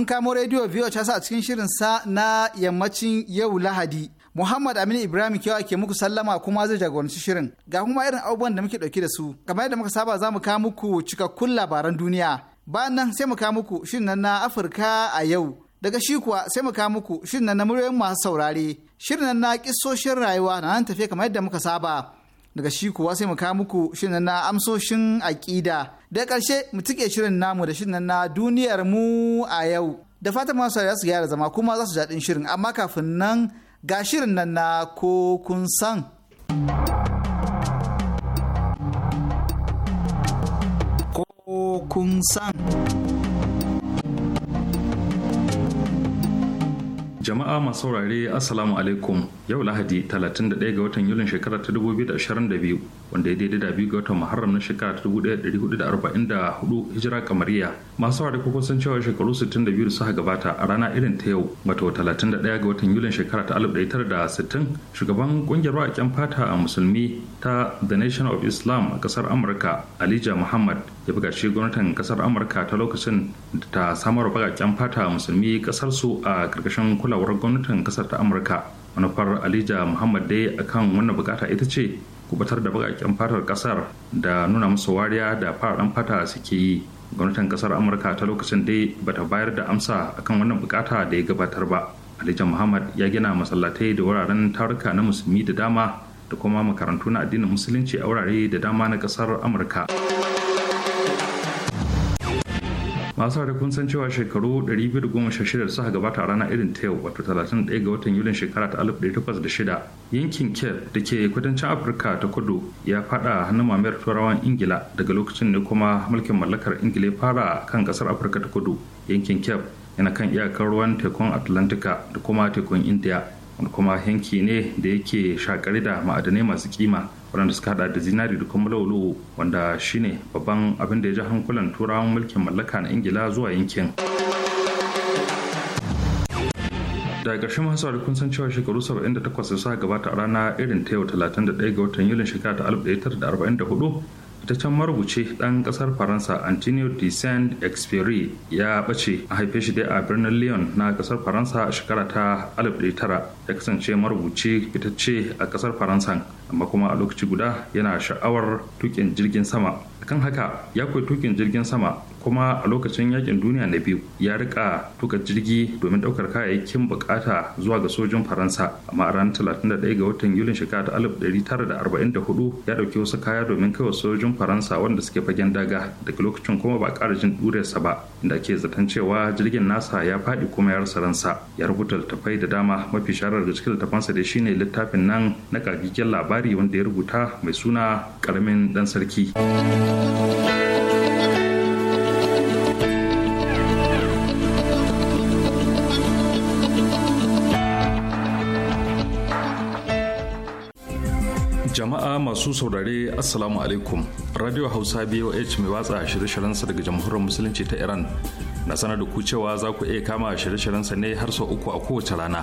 kun kamo rediyo biyu casa a cikin shirin sa na yammacin yau Lahadi. Muhammad Aminu Ibrahim kewa ke muku sallama kuma zai jagoranci shirin. Ga kuma irin abubuwan da muke dauke da su. Kamar yadda muka saba za mu kawo muku cikakkun labaran duniya. Bayan nan sai mu kawo muku shirin nan na Afirka a yau. Daga shi kuwa sai mu kawo muku shirin nan na muryoyin masu saurare. Shirin nan na kisoshin rayuwa na nan tafiya kamar yadda muka saba. Daga shi kuwa sai mu kawo muku shirin nan na amsoshin aƙida. da ƙarshe mu tike shirin namu da shirin na duniyar mu a yau da fatan masu za su gyara zama kuma za su jaɗin shirin amma kafin nan ga shirin nan na ko kun san ko kun san Jama'a masu saurare Assalamu alaikum yau Lahadi 31 ga watan Yulin shekara ta 2022 wanda ya daidai da biyu ga watan muharram na shekara ta 1444 hijira kamariya masu ware kuka san cewa shekaru 62 da suka gabata a rana irin ta yau wato 31 ga watan yulin shekara ta 1960 shugaban kungiyar waƙen fata a musulmi ta the nation of islam a kasar amurka alija muhammad ya buga shi gwamnatin kasar amurka ta lokacin da ta samar baƙaƙen fata a musulmi kasar su a karkashin kulawar gwamnatin kasar ta amurka manufar alija muhammad dai akan wannan bukata ita ce kubatar da baƙaƙen fatar ƙasar da nuna musu wariya da fararen fata suke yi gwamnatin ƙasar amurka ta lokacin dai bata bayar da amsa akan wannan bukata da ya gabatar ba alijan muhammad ya gina masallatai da wuraren taruka na musulmi da dama da kuma makarantu na addinin musulunci a wurare da dama na ƙasar amurka masu da kun san cewa shekaru 216 suka gabata a rana irin ta yau wato 31 ga watan yulin shekara ta 1806 yankin cape da ke kudancin afirka ta kudu ya fada hannun mamayar turawan ingila daga lokacin ne kuma mulkin mallakar ingila ya fara kan kasar afirka ta kudu yankin cape yana kan iyakar ruwan tekun atlantika da kuma tekun india wanda kuma yanki ne da yake shakari da ma'adanai masu kima waɗanda suka hada da zinari da kuma laulu wanda shine babban abin da ya ji hankulan turawan mulkin mallaka na ingila zuwa yankin da ƙarshen masu da kun san cewa shekaru 78 da suka gabata a rana irin ta yau 31 ga watan yulin shekara ta 1944 ita can marubuce ɗan ƙasar faransa antonio de saint exupéry ya ɓace a haife shi dai a birnin lyon na ƙasar faransa a shekara ta 1900 ya kasance marubuci fitacce a ƙasar faransa amma kuma a lokaci guda yana sha'awar tukin jirgin sama kan haka ya koyi tukin jirgin sama kuma a lokacin yakin duniya na biyu ya rika tuka jirgi domin daukar kayayyakin bukata zuwa ga sojin faransa amma a ranar 31 ga watan yulin shekara ta 1944 ya dauki wasu kaya domin kaiwa sojin faransa wanda suke fagen daga daga lokacin kuma ba ƙara jin dure sa ba inda ke zaton cewa jirgin nasa ya faɗi kuma ya rasa ransa ya rubuta littafai da dama mafi sharar da cikin littafansa da shine littafin nan na kagigen labari labari wanda ya rubuta mai suna karamin dan sarki jama'a masu saurare assalamu alaikum radio hausa boh mai watsa shirye sa daga jamhuriyar musulunci ta iran na sanar da ku cewa za ku iya kama shirye sa ne har sau uku a kowace rana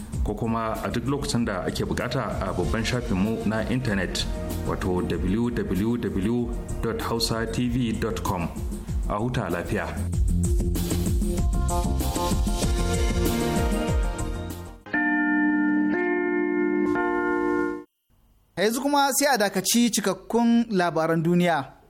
ko kuma a duk lokacin da ake bukata a babban shafinmu na intanet wato www.hausatv.com a huta lafiya. yanzu kuma sai a dakaci cikakkun labaran duniya.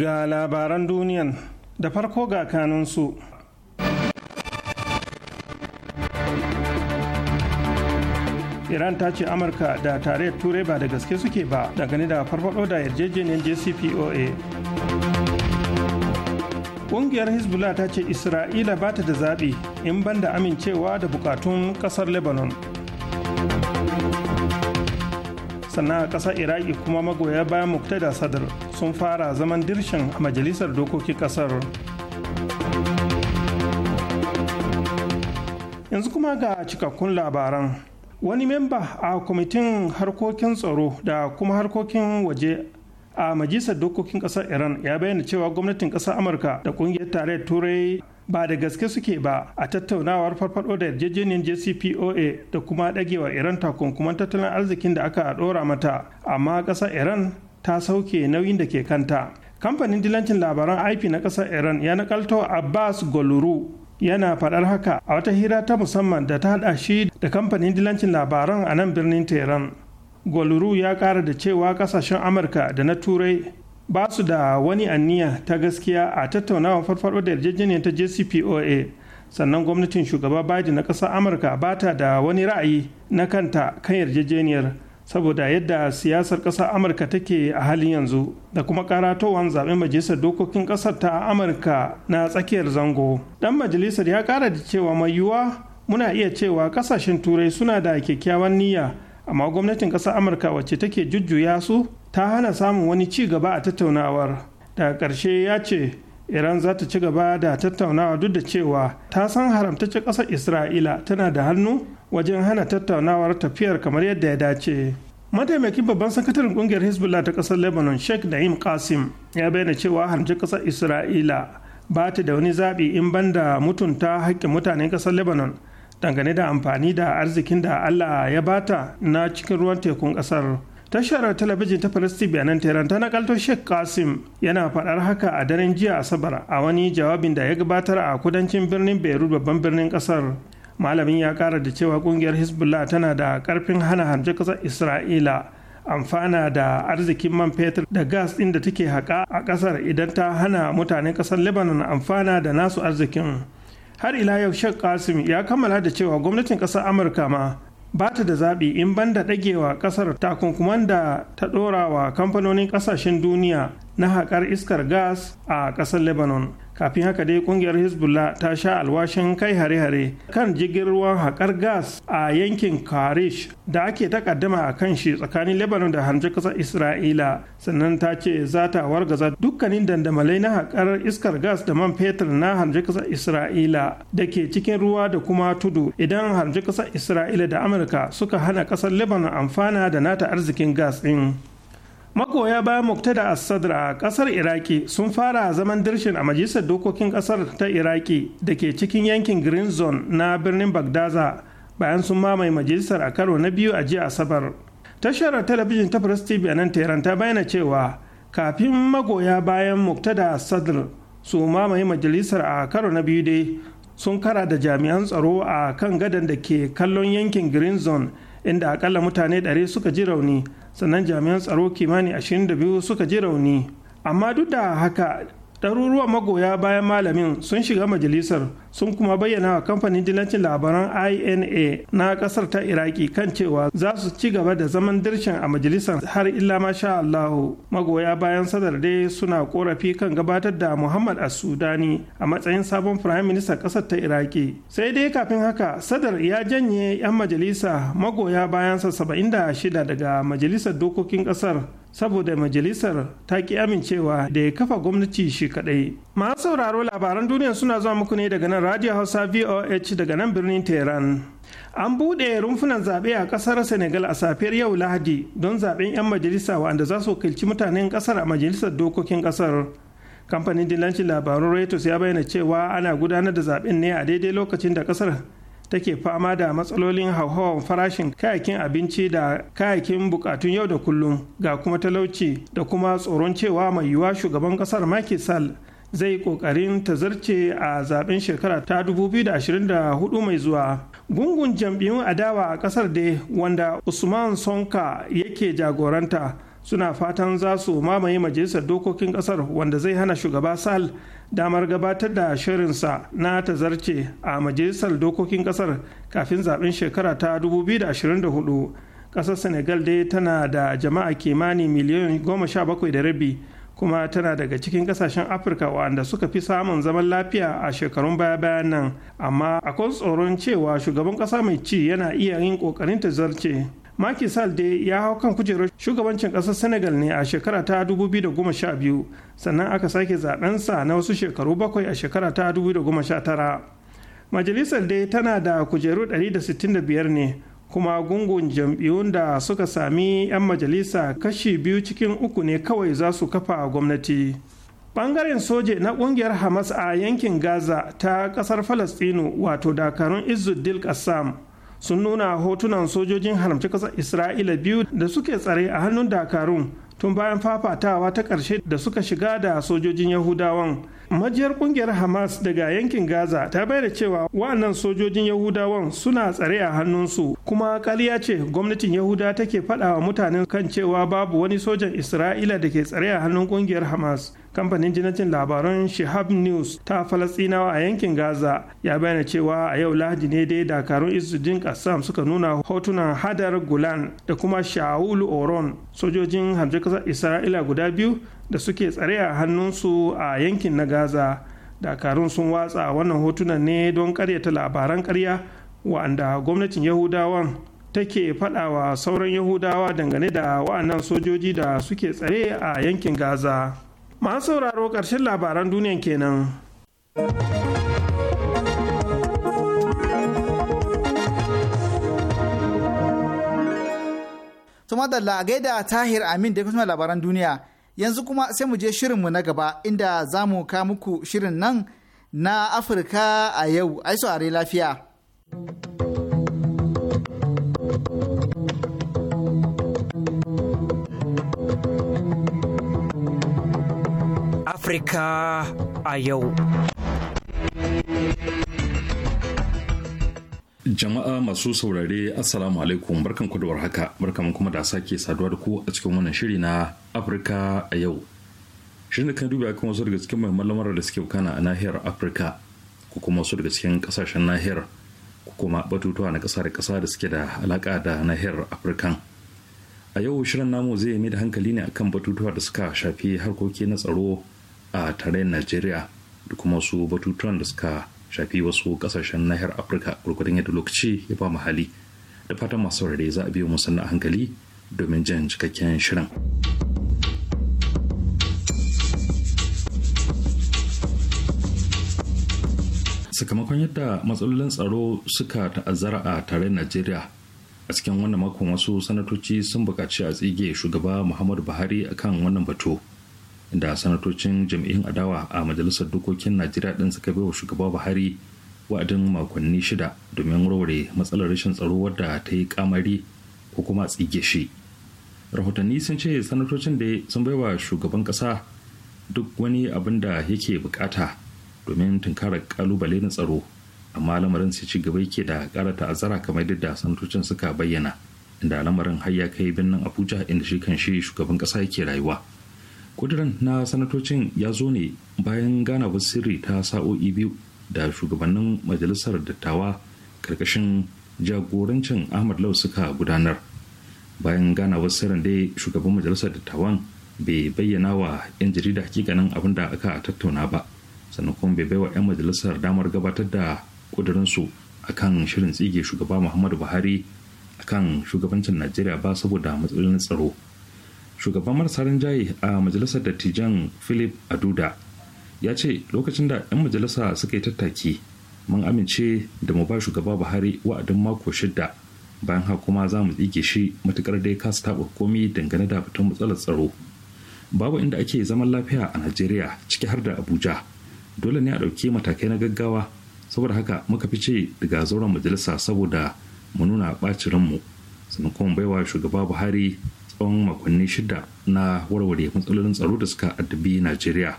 ga labaran duniyan da farko ga kanunsu. iran ta ce amurka da tarayyar turai ba da gaske suke ba dangane da farfado da yarjejeniyar jcpoa ƙungiyar hezbollah ta ce isra'ila ba ta da zaɓi in banda amincewa da bukatun ƙasar lebanon sannan a ƙasar iraki kuma magoya bayan muktada sadar sun fara zaman dirshin a majalisar dokokin kasar yanzu kuma ga cikakkun labaran wani memba a kwamitin harkokin tsaro da kuma harkokin waje a majalisar dokokin kasar iran ya bayyana cewa gwamnatin kasar amurka da kungiyar tarayyar turai ba da gaske suke ba a tattaunawar farfado da yarjejeniyar jcpoa da kuma dagewa iran takunkuman tattalin arzikin da aka dora mata amma ƙasar iran ta sauke nauyin da ke kanta kamfanin dilancin labaran ip na ƙasar iran ya nakalto abbas goluru yana faɗar haka a wata hira ta musamman da ta haɗa shi da kamfanin dilancin labaran a nan birnin tehran goluru ya ƙara da cewa ƙasashen amurka da na turai ba su da wani anniya ta gaskiya a tattaunawa farfaɗo da yarjejeniyar ta jcpoa sannan gwamnatin shugaba biden na ƙasar amurka ba ta da wani ra'ayi na kanta kan yarjejeniyar saboda yadda siyasar ƙasar amurka take a halin yanzu da kuma karatowar zaɓen majalisar dokokin ƙasar ta amurka na tsakiyar zango dan majalisar ya ƙara da cewa mai yiwuwa muna iya cewa ƙasashen turai suna da kyakkyawan niyya amma gwamnatin ƙasar amurka wacce take jujjuya su ta hana samun wani ci gaba a tattaunawar daga ƙarshe ya ce iran za ta ci gaba da tattaunawa duk da cewa ta san haramtacce ƙasar isra'ila tana da hannu wajen hana tattaunawar tafiyar kamar yadda ya dace mataimakin babban sakataren kungiyar hezbollah ta ƙasar lebanon sheikh na'im qasim ya bayyana cewa haramci ƙasar isra'ila ba ta da wani zaɓi in ban da mutunta haƙƙin mutanen ƙasar lebanon dangane da amfani da arzikin da allah ya bata na cikin ruwan tekun ƙasar tashar talabijin ta palestine bayanan tehran ta nakalto sheikh kasim yana faɗar haka a daren jiya asabar a wani jawabin da ya gabatar a kudancin birnin beirut babban birnin Kasar. malamin ya kara da cewa ƙungiyar hezbollah tana da karfin hana harje ƙasar isra'ila amfana da arzikin man fetur da gas ɗin da take haƙa a ƙasar idan ta hana mutanen ƙasar lebanon amfana da nasu arzikin har ila yau sheikh kasim ya kammala da cewa gwamnatin ƙasar amurka ma ba ta da zaɓi in banda ɗagewa ƙasar takunkuman da ta ɗora wa kamfanonin ƙasashen duniya na haƙar iskar gas a ƙasar lebanon kafin haka dai kungiyar hezbollah ta sha alwashin kai hare-hare kan jirgin ruwan haƙar gas a yankin karish da ake takaddama a kan shi tsakanin lebanon da harje kasar isra'ila sannan ta ce za ta wargaza dukkanin dandamalai na haƙar iskar gas da man fetur na harje kasar isra'ila da ke cikin ruwa da kuma tudu idan harje ƙasar isra'ila da amurka suka hana ƙasar lebanon amfana da nata arzikin gas ɗin. magoya bayan muktada assadar a kasar iraki sun fara zaman dirshin a majalisar dokokin kasar ta iraki da ke cikin yankin green zone na birnin bagdaza bayan sun mamaye majalisar a karo na biyu a jiya asabar tashar talabijin ta press tv a nan tehran ta bayyana cewa kafin magoya bayan muktada asadr su mamaye majalisar a karo na biyu dai sun kara da jami'an tsaro a kan gadan da ke kallon yankin green zone inda akalla mutane 100 suka ji rauni sannan jami'an tsaro kimanin 22 suka ji rauni amma duk da haka ɗaruruwa magoya bayan malamin sun shiga majalisar sun kuma bayyana wa kamfanin dilancin labaran ina na ƙasar ta iraki kan cewa za su ci gaba da zaman dirshin a majalisar har illa masha allahu magoya bayan sadar dai suna korafi kan gabatar da muhammad as-sudani a matsayin sabon prime minister ƙasar ta iraki sai dai kafin haka sadar ya janye 'yan majalisa magoya bayansa 76 daga majalisar dokokin ƙasar saboda majalisar ta ki amincewa da ya kafa gwamnati shi kadai. Masu sauraro labaran duniya suna zuwa muku ne daga nan Radio Hausa VOH daga nan birnin Tehran. An buɗe rumfunan zaɓe a ƙasar Senegal a safiyar yau Lahadi don zaɓen 'yan majalisa wanda za su wakilci mutanen ƙasar a majalisar dokokin ƙasar. Kamfanin dillancin labarun Reuters ya bayyana cewa ana gudanar da zaɓen ne a daidai lokacin da ƙasar take fama da matsalolin hauhawar farashin kayakin abinci da kayakin bukatun yau da kullum ga kuma talauci da kuma tsoron cewa mai yiwuwa shugaban kasar makisal Sall zai kokarin tazarce a zaben shekara ta 2024 mai zuwa. Gungun jam'iyyun adawa a kasar da wanda Usman Sonka yake jagoranta suna fatan za su mamaye majalisar dokokin kasar wanda zai hana shugaba sal damar gabatar da shirinsa na tazarce a majalisar dokokin kasar kafin zaben shekara ta 2024 kasar senegal dai tana da jama'a kimanin sha bakwai da rabi kuma tana daga cikin kasashen afirka waɗanda suka fi samun zaman lafiya a shekarun baya-bayan nan amma akwai tsoron cewa shugaban ƙasa mai ci yana iya yin ƙoƙarin tazarce Macky Sall ya hau kan kujerar shugabancin ƙasar Senegal ne a shekara ta 2012 sannan aka sake zaɓensa na wasu shekaru bakwai a shekara ta 2019. Majalisar dai tana da kujeru 165 ne kuma gungun jam'iyyun da suka sami 'yan majalisa kashi biyu cikin uku ne kawai za su kafa gwamnati. Bangaren soje na kungiyar Hamas a yankin Gaza ta kasar Falastinu wato dakarun Izzuddin Qassam sun nuna hotunan sojojin haramci ƙasar isra'ila biyu da suke tsare a hannun dakarun tun bayan fafatawa ta ƙarshe da suka shiga da sojojin yahudawan majiyar kungiyar hamas daga yankin gaza ta bai da cewa wa'annan sojojin yahudawan suna tsare a hannunsu kuma kariya ce gwamnatin yahuda take faɗawa wa mutanen kan cewa babu wani sojan isra'ila da ke tsare a hannun kungiyar hamas kamfanin jinacin labaran shihab news ta falasinawa a yankin gaza ya bayyana cewa a yau lahadi ne dai dakarun izudin kassam suka nuna hotunan hadar gulan da kuma shaul oron sojojin hamshe kasar isra'ila guda biyu da suke tsare a hannunsu a yankin na gaza dakarun sun watsa wannan hotunan ne don karyata labaran karya wa'anda gwamnatin yahudawan take faɗawa sauran yahudawa dangane da wa'annan sojoji da suke tsare a yankin gaza. masu sauraro ƙarshen labaran duniyan kenan. Tuma da a gaida Tahir Amin da kuma labaran duniya yanzu kuma sai mu je shirin mu na gaba inda za mu ka muku shirin nan na Afirka a yau, ai saurare lafiya. Afirka a yau. Jama'a masu saurare Assalamu alaikum barkan ku haka, warhaka barkan kuma da sake saduwa da ku a cikin wannan shiri na Afirka a yau. Shirin da kan dubi kan wasu daga cikin muhimman lamarar da suke kana a nahiyar Afirka ko kuma wasu daga cikin kasashen nahiyar ko kuma batutuwa na kasa da kasa da suke da alaka da nahiyar Afirkan. A yau shirin namu zai mai da hankali ne akan batutuwa da suka shafi harkoki na tsaro a tarayyar najeriya da kuma wasu batutuwan da suka shafi wasu kasashen nahiyar afirka gurgudun yadda lokaci ya ba mu hali da fatan masu saurare za a biyo mu sannan hankali domin jin cikakken shirin. sakamakon yadda matsalolin tsaro suka ta'azzara a tare najeriya a cikin wannan mako wasu sanatoci sun buƙaci a tsige shugaba muhammadu buhari akan wannan batu inda sanatocin jam'iyyun adawa a majalisar dokokin najeriya din suka bai wa shugaba buhari wa'adin makonni shida domin warware matsalar rashin tsaro wadda ta yi kamari ko kuma tsige shi rahotanni sun ce sanatocin da sun baiwa shugaban kasa duk wani abin da yake bukata domin tunkara kalubale na tsaro amma lamarin sai ci gaba yake da kara ta'azzara kamar yadda sanatocin suka bayyana inda lamarin har ya kai birnin abuja inda shi kan shi shugaban kasa yake rayuwa kudirin na sanatocin ya zo ne bayan ganawar sirri ta sa'o'i biyu da shugabannin majalisar dattawa karkashin jagorancin ahmad lau suka gudanar bayan ganawar sirrin dai shugaban majalisar dattawan bai bayyana wa 'yan jarida hakikanin abin da aka tattauna ba sannan kuma bai baiwa 'yan majalisar damar gabatar da kudurinsu akan shirin tsige shugaba muhammadu buhari akan shugabancin najeriya ba saboda matsalolin tsaro shugaban marasa rinjaye a majalisar dattijan philip aduda ya ce lokacin da 'yan majalisa suka yi tattaki mun amince da mu ba shugaba buhari wa'adin mako shida bayan haka kuma za mu tsige shi matukar dai kasa taɓa komi dangane da batun matsalar tsaro babu inda ake zaman lafiya a najeriya ciki har da abuja dole ne a ɗauki matakai na gaggawa saboda haka muka fi ce daga zauren majalisa saboda mu nuna ɓacin mu sannan kuma baiwa shugaba buhari tsawon makonni shida na warware matsalolin tsaro da suka addabi najeriya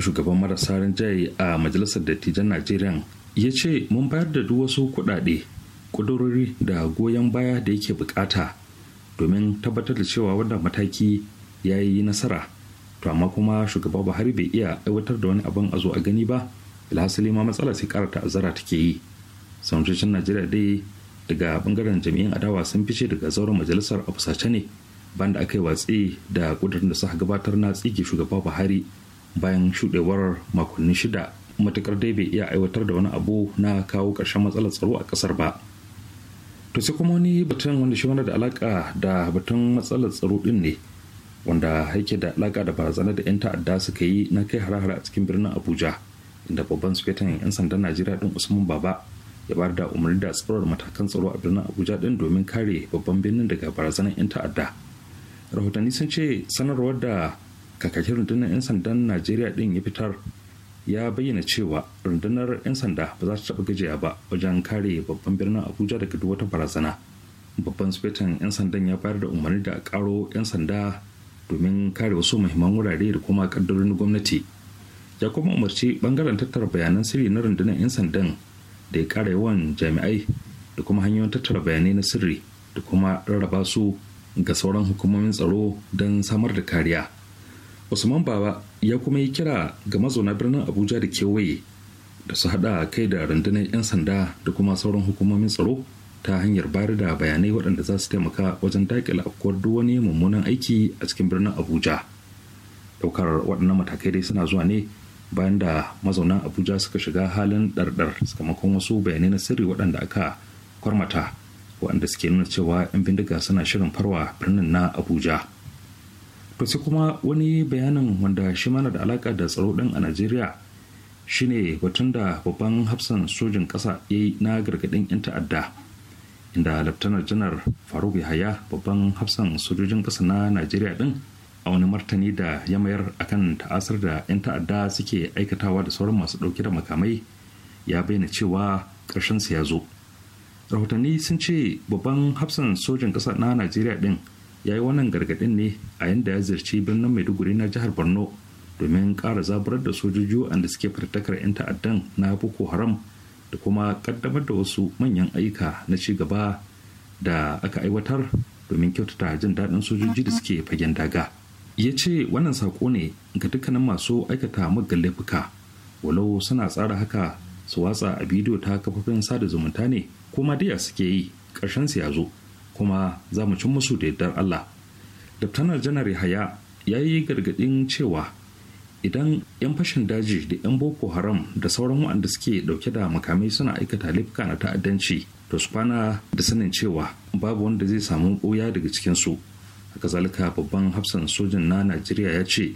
shugaban marasa rinjaye a majalisar dattijan najeriya ya ce mun bayar da duk wasu kuɗaɗe ƙudurori da goyon baya da yake bukata domin tabbatar da cewa wannan mataki ya yi nasara to amma kuma shugaba buhari bai iya aiwatar da wani abin a zo a gani ba alhasali ma matsala sai ƙara ta'azzara take yi sanatocin najeriya dai daga bangaren jami'in adawa sun fice daga zauren majalisar a fusace ne banda aka yi watsi da kudurin da suka gabatar na tsige shugaba buhari bayan shudewar makonni shida matukar dai bai iya aiwatar da wani abu na kawo ƙarshen matsalar tsaro a ƙasar ba to sai kuma wani batun wanda shi wani da alaka da batun matsalar tsaro din ne wanda yake da alaka da barazanar da 'yan ta'adda suka yi na kai harahara a cikin birnin abuja inda babban sufetan 'yan sandan najeriya din usman baba ya bayar da umarni da tsarar matakan tsaro a birnin abuja din domin kare babban birnin daga barazanar 'yan ta'adda rahotanni sun ce sanarwar da kakakin rundunar 'yan sandan najeriya din ya fitar ya bayyana cewa rundunar 'yan sanda ba za ta taɓa gajiya ba wajen kare babban birnin abuja daga duk wata barazana babban sufetan 'yan sandan ya bayar da umarni da karo 'yan sanda domin kare wasu muhimman wurare da kuma kaddarorin gwamnati ya kuma umarci bangaren tattara bayanan sirri na rundunar 'yan sandan da ya kara yawan jami'ai da kuma hanyoyin tattara bayanai na sirri da kuma rarraba su ga sauran hukumomin tsaro don samar da kariya usman baba ya kuma yi kira ga mazauna birnin abuja da kewaye da su hada kai da rundunar 'yan sanda da kuma sauran hukumomin tsaro ta hanyar bayar da bayanai waɗanda za su taimaka wajen daƙile afkuwar duk wani mummunan aiki a cikin birnin abuja ɗaukar waɗannan matakai dai suna zuwa ne bayan da mazauna abuja suka shiga halin ɗarɗar sakamakon wasu bayanai na sirri waɗanda aka kwarmata waɗanda suke nuna cewa 'yan bindiga suna shirin farwa birnin na abuja to sai kuma wani bayanin wanda shi mana da alaka da tsaro ɗin a najeriya shine batun da babban hafsan sojin ƙasa ya yi na gargaɗin 'yan ta'adda inda laftanar janar faruk yahaya babban hafsan sojojin ƙasa na najeriya ɗin a wani martani da ya mayar kan ta'asar da 'yan ta'adda suke aikatawa da sauran masu ɗauke da makamai ya bayyana cewa ƙarshensa ya zo rahotanni sun ce babban hafsan sojan ƙasa na najeriya ɗin ya yi wannan gargaɗin ne a yadda ya ziyarci birnin maiduguri na jihar borno domin ƙara zaburar da sojoji wanda suke fitattakar 'yan ta'addan na boko haram da kuma ƙaddamar da wasu manyan aika na ci gaba da aka aiwatar domin kyautata jin daɗin sojoji da suke fagen daga ya ce wannan saƙo ne ga dukkanin masu aikata magallafuka laifuka walau suna tsara haka su watsa a bidiyo ta kafofin sada zumunta ne kuma dai suke yi ƙarshen su ya zo kuma za mu cin musu da yardar Allah. Daftanar janar Yahaya ya yi gargaɗin cewa idan 'yan fashin daji da 'yan boko haram da sauran waɗanda suke ɗauke da makamai suna aikata laifuka na ta'addanci to su kwana da sanin cewa babu wanda zai samu ɓoya daga cikinsu haka zalika babban hafsan sojin na najeriya ya ce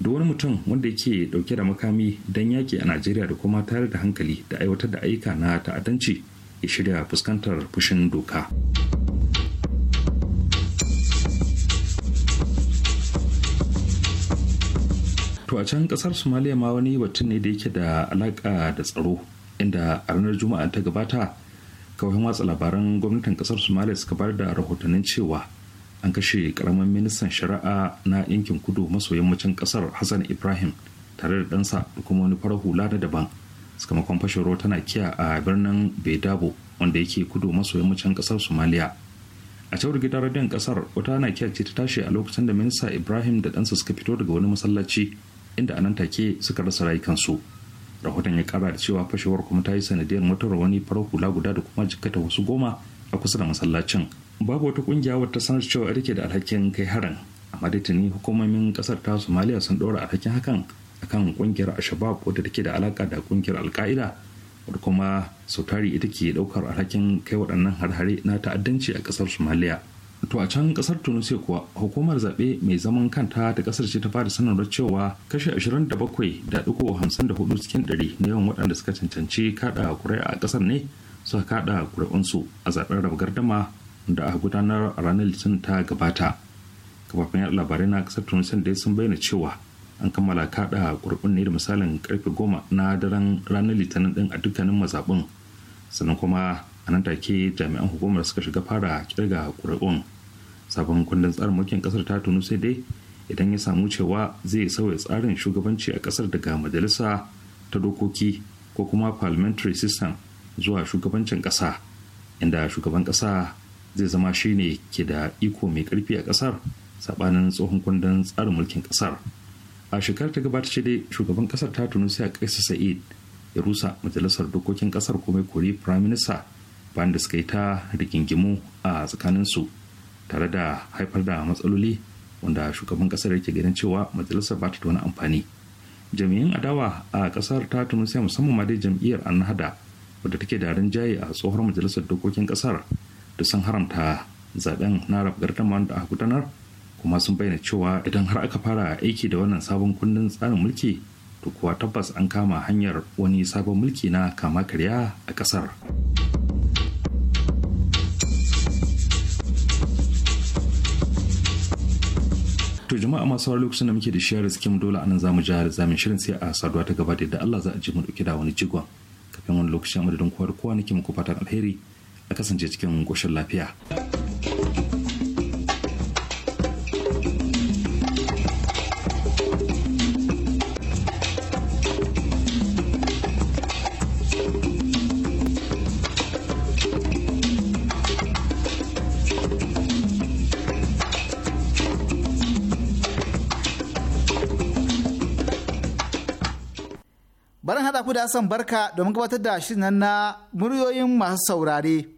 da wani mutum wanda yake dauke da makami don yaƙi a najeriya da kuma tare da hankali da aiwatar da ayyuka na ta'addanci ya shirya fuskantar fushin doka to a can kasar somaliya ma wani batun ne da yake da alaƙa da tsaro inda a ranar juma'a ta gabata kawai watsa labaran gwamnatin kasar somaliya suka bar da rahotannin cewa an kashe karamin ministan shari'a na yankin kudu maso yammacin kasar hassan ibrahim tare da ɗansa da kuma wani farar hula na daban sakamakon ruwa tana kiya a birnin bedabo wanda yake kudu maso yammacin kasar somaliya a cewar gidan radiyon kasar wata na kiya ce ta tashi a lokacin da minista ibrahim da ɗansa suka fito daga wani masallaci inda a nan take suka rasa rayukansu rahoton ya kara da cewa fashewar kuma ta yi sanadiyar mutuwar wani farar hula guda da kuma jikkata wasu goma a kusa da masallacin babu wata kungiya wata sanar cewa ita ke da alhakin kai harin amma dai tuni hukumomin kasar ta somaliya sun ɗora alhakin hakan akan kungiyar ashabab wadda take da alaka da kungiyar alka'ida wadda kuma sautari ita ke daukar alhakin kai waɗannan har-hare na ta'addanci a kasar somaliya to a can kasar tunisia kuwa hukumar zaɓe mai zaman kanta ta kasar ce ta fara sanarwar cewa kashe 27.54 cikin 100 na yawan waɗanda suka cancanci kaɗa kuri'a a kasar ne suka kada ƙuri'unsu a zaɓen raba gardama da aka gudanar a ranar litinin ta gabata kafafen yada labarai na kasar tunisia da sun bayyana cewa an kammala kaɗa kurkun ne da misalin karfe goma na daren ranar litinin din a dukkanin mazaɓin sannan kuma a nan take jami'an hukumar suka shiga fara kirga ƙuri'un sabon kundin tsarin mulkin kasar ta tunisia dai idan ya samu cewa zai sauya tsarin shugabanci a ƙasar daga majalisa ta dokoki ko kuma parliamentary system zuwa shugabancin ƙasa inda shugaban kasa zai zama shi ne ke da iko mai karfi a kasar sabanin tsohon kundin tsarin mulkin kasar a shekarar ta gabata ce dai shugaban kasar ta tunu sai a kaisa sa'id ya rusa majalisar dokokin kasar kuma kori prime minister bayan da suka yi ta rigingimu a tsakanin su tare da haifar da matsaloli wanda shugaban kasar yake ganin cewa majalisar ba ta da wani amfani jami'in adawa a kasar ta tunu sai musamman ma dai jam'iyyar annahada wadda take da rinjaye a tsohon majalisar dokokin kasar da sun haramta zaben na rabgar da aka gudanar kuma sun bayyana cewa idan har aka fara aiki da wannan sabon kundin tsarin mulki to kuwa tabbas an kama hanyar wani sabon mulki na kama karya a kasar to jama'a masu wani lokacin da muke da shiyar riskin dole anan zamu ji da zamin shirin sai a saduwa ta gaba da Allah za a ji mu dauke da wani jigon kafin wani lokacin madadin kowa da kowa nake muku fatan alheri a kasance cikin ƙoshin lafiya. Barin haɗa ku da Barka domin gabatar da shirin na muryoyin masu saurare.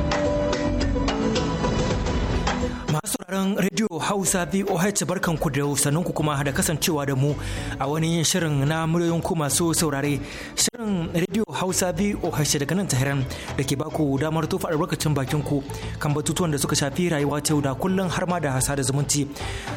sauraron Radio Hausa VOH barkanku da ku kuma da kasancewa da mu a wani shirin na muryoyin ku masu saurare. Shirin Radio Hausa VOH daga nan Tahiran da ke baku damar tofa lokacin bakin ku kan batutuwan da suka shafi rayuwa ta da kullum har ma da hasa da zumunci.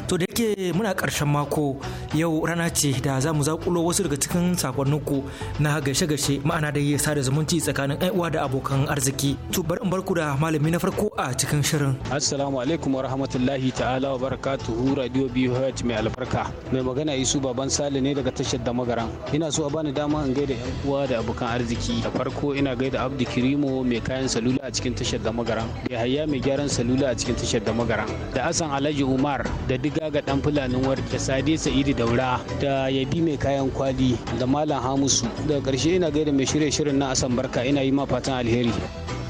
To da yake muna karshen mako yau rana ce da za mu zakulo wasu daga cikin sakonnin ku na gaishe-gaishe ma'ana da sada zumunci tsakanin uwa da abokan arziki. To bari in barku da malami na farko a cikin shirin. Assalamu alaikum wa rahmatullahi rahmatullahi ta'ala wa barakatuhu radio BOH mai albarka. Mai magana Isu Baban Sale ne daga tashar da magaran. Ina so a bani dama in gaida yan uwa da abokan arziki. Da farko ina gaida Abdu Kirimo mai kayan salula a cikin tashar da magaran. Da Hayya mai gyaran salula a cikin tashar da magaran. Da Asan Alhaji Umar da Diga ga dan Fulanin Warke sadi Sa'idu Daura da Yabi mai kayan kwali da Malam Hamusu. Daga karshe ina gaida mai shirye shirin na Asan Barka ina yi ma fatan alheri.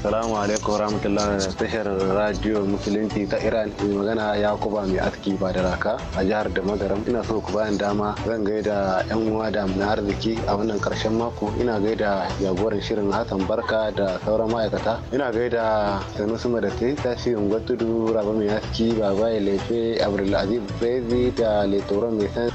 Assalamu alaikum warahmatullahi da tashar radio musulunci ta Iran mai magana Yakuba mai aski ba da raka a jihar da magaram ina so ku bayan dama zan gaida yan uwa da na arziki a wannan karshen mako ina gaida jagoran shirin Hassan Barka da sauran ma'aikata ina gaida Sanusi Madate tashi Ungwa Tudu raba mai aski Baba Lefe Abdulaziz Bezi da Letoro mai san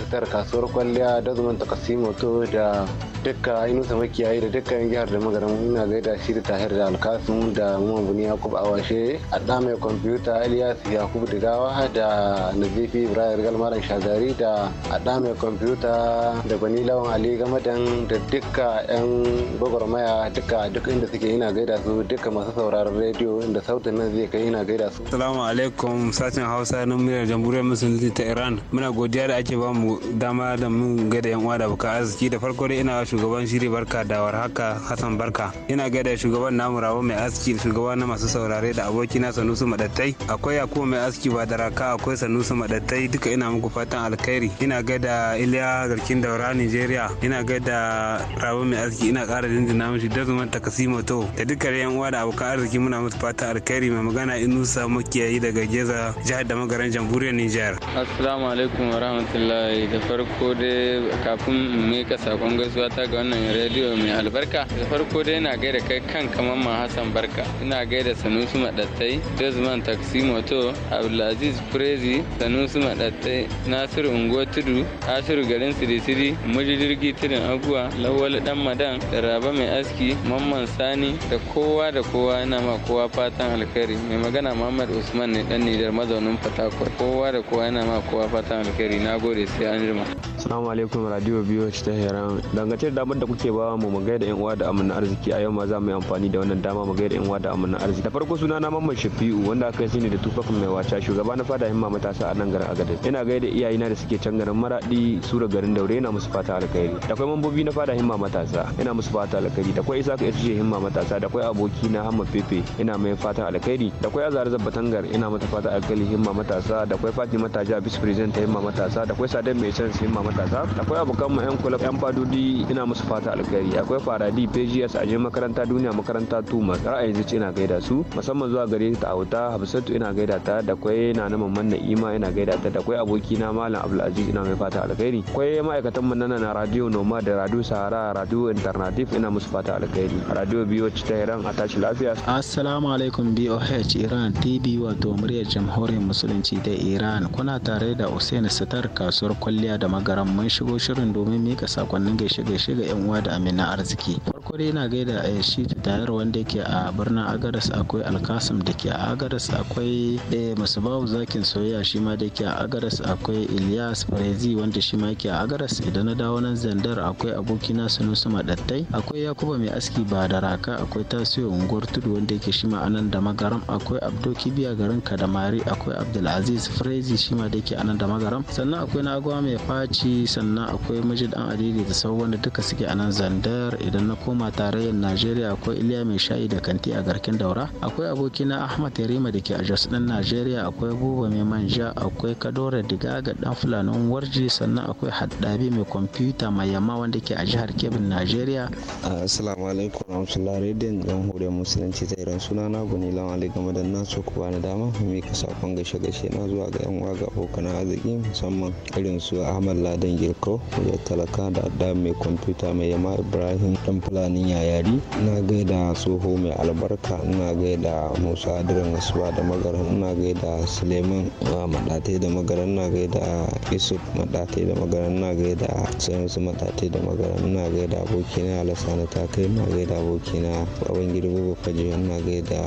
Sitar kasuwar kwalliya da zuman takasimu da dukkan ainihin makiyayi da dukkan jihar da magaram muna gaida shi da tahir da alkasun da muhammadu yakub awashe adda mai kwamfuta ilyas yakubu digawa da nazifi ibrahim galmaran shagari da adda mai kwamfuta da gwani lawan ali gamadan da dukka yan gwagwarmaya duka duk inda suke yana gaida su duka masu sauraron rediyo inda sautin nan zai kai ina gaida su salamu alaikum sashen hausa na muryar jamhuriyar musulunci ta iran muna godiya da ake bamu dama da mun gaida yan uwa da buka arziki da farko dai ina shugaban shiri barka da warhaka hassan barka ina gaida shugaban namu rawo mai aski shugaba na masu saurare da abokina sanusu madattai akwai yakubu mai aski ba da raka akwai sanusu madattai duka ina muku fatan alkhairi ina gaida iliya garkin daura nigeria ina gaida rawo mai aski ina kara jinjina mishi da zuman takasimo to da dukkan yan uwa da abokan arziki muna musu fatan alkhairi mai magana inusa makiyayi daga geza jihar da magaran jamhuriyar niger assalamu alaikum wa rahmatullahi da farko dai kafin mu ka sakon gaisuwa ta ga wannan rediyo mai albarka da farko dai na gaida kai kan ma Hassan Barka ina gaida Sanusi Madattai Desmond Taxi Moto Abdulaziz Prezi Sanusi Madattai Nasiru Ungo Tudu Ashiru Garin Sirisiri Mujidirgi tirin abuwa Lawal Dan Madan da Raba Mai Aski Mamman Sani da kowa da kowa ina ma kowa fatan alkhairi mai magana Muhammad Usman ne dan Nijar mazaunin Fatakwal kowa da kowa ina ma kowa fatan alkhairi gode sai an jima Assalamu alaikum radio biyo ta Heran dangantar damar da kuke ba mu mu gaida yan uwa da amana arziki yau ma za mu yi amfani da wannan dama mu gaida yan uwa da amana arziki da farko suna na mamman shafi'u wanda aka yi ne da tufafin mai wacha shugaba na fada himma matasa a nan garin agadez ina gaida iyayena da suke can garin maradi sura garin daure ina musu fata alkhairi da kwai mambobi na fada himma matasa ina musu fata alkhairi da kwai isa ka irce himma matasa da kwai aboki na hamma pepe ina mai fata alkhairi da kwai azar zabba tangar ina mata fata alkhairi himma matasa da kwai fatima taja bis president himma matasa da kwai sadan mai su himma matasa da kwai abokan mu yan kulab yan fadudi ina musu fata alkhairi akwai faradi pgs a jima makaranta duniya makaranta tuma ra'ayin zuci ina gaida su musamman zuwa gare ta auta hafsatu ina gaida ta da kwai na na mamman ima ina gaida ta da kwai aboki na malam abdulaziz ina mai fata alkhairi kwai ma'aikatan mu nan na radio noma da radio sahara radio alternative ina musu fata alkhairi radio biyo ta iran a tashi lafiya assalamu alaikum boh iran tv wato muryar jamhuriyar musulunci da iran kuna tare da hussein sitar kasuwar kwalliya da magaran mun shigo shirin domin mika sakonnin gaishe gaishe ga yan uwa da amina arziki farko dai ina gaida da Ayashitu wanda yake a birnin agaras akwai Alkasim da ke a agaras akwai eh, Musubawu Zakin Soyayya shi ma da ke a agaras akwai Ilyas Frezi wanda shi ma yake a agaras idan na dawo nan Zandar akwai abokina Sunusu Madattai akwai Yakuba Mai Aski ba da raka akwai Tasiyo Unguwar Tudu wanda yake shi ma anan da Magaram akwai Abdo Kibiya garin Kadamari akwai Abdulaziz Frezi shi ma da yake anan da Magaram sannan akwai Nagwa Mai Faci sannan akwai Majid Dan Adili da sauran wanda duka suke anan Zandar idan na koma tarayyar Najeriya akwai Iliya Mai Shayi da Kanti a Garkin Daura, akwai abokina Ahmad Yarima da ke a Jos ɗin Najeriya, akwai Buba Mai Manja, akwai Kadore Digaga ɗan Fulanin Warji, sannan akwai Haddabi Mai Kwamfuta Mai Yamma wanda ke a jihar Kebbi Najeriya. Assalamu alaikum warahmatullahi rediyon jamhuriyar musulunci ta Iran suna na gani lawan Ali game da na so ku bani dama mu gaishe gashe gashe na zuwa ga yan uwa ga abokan arziki musamman irin su Ahmad Ladan Girko da talaka da Haddabi mai kwamfuta mai yamma Ibrahim ɗan fulanin yayari ina gaida Soho mai albarka ina gaida Musa Adiran Asuba da magaran ina gaida Suleiman Madatai da magaran ina gaida Yusuf Madatai da magaran ina gaida Sanusi Madatai da magaran ina gaida abokina ta kai ina gaida abokina Baban Girbi Bafaje ina gaida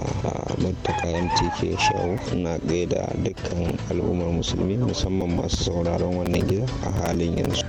Murtaka MTK Shawu ina gaida dukkan al'ummar musulmi musamman masu sauraron wannan gida a halin yanzu.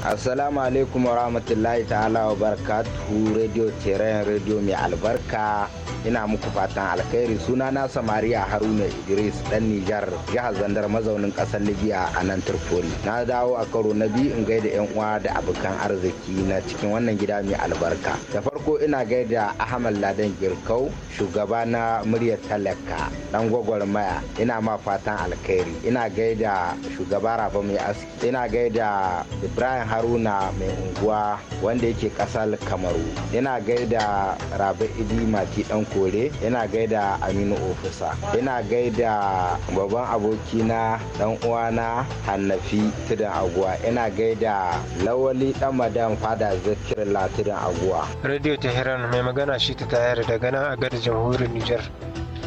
assalamu alaikum wa rahmatullahi ta'ala wa barakatuhu radio terrain radio mai albarka ina muku fatan alkhairi suna na samariya haruna idris dan nijar jihar zandar mazaunin kasar libya a nan tripoli na dawo a karo na biyu in gaida yan uwa da abokan arziki na cikin wannan gida mai albarka da farko ina gaida ahmad ladan girkau shugaba na muryar talaka dan gwagwarmaya ina ma fatan alkhairi ina gaida shugaba rafa mai aski ina gaida ibrahim haruna mai unguwa wanda yake kasar kamaru yana gaida rabe idi mati dan kore yana gaida aminu ofisa yana gaida babban abokina dan uwana hannafi tudun aguwa yana gaida lawali dan madam fada zakir latudun aguwa radio tehran mai magana shi ta tayar daga nan a gadar jamhuriyar niger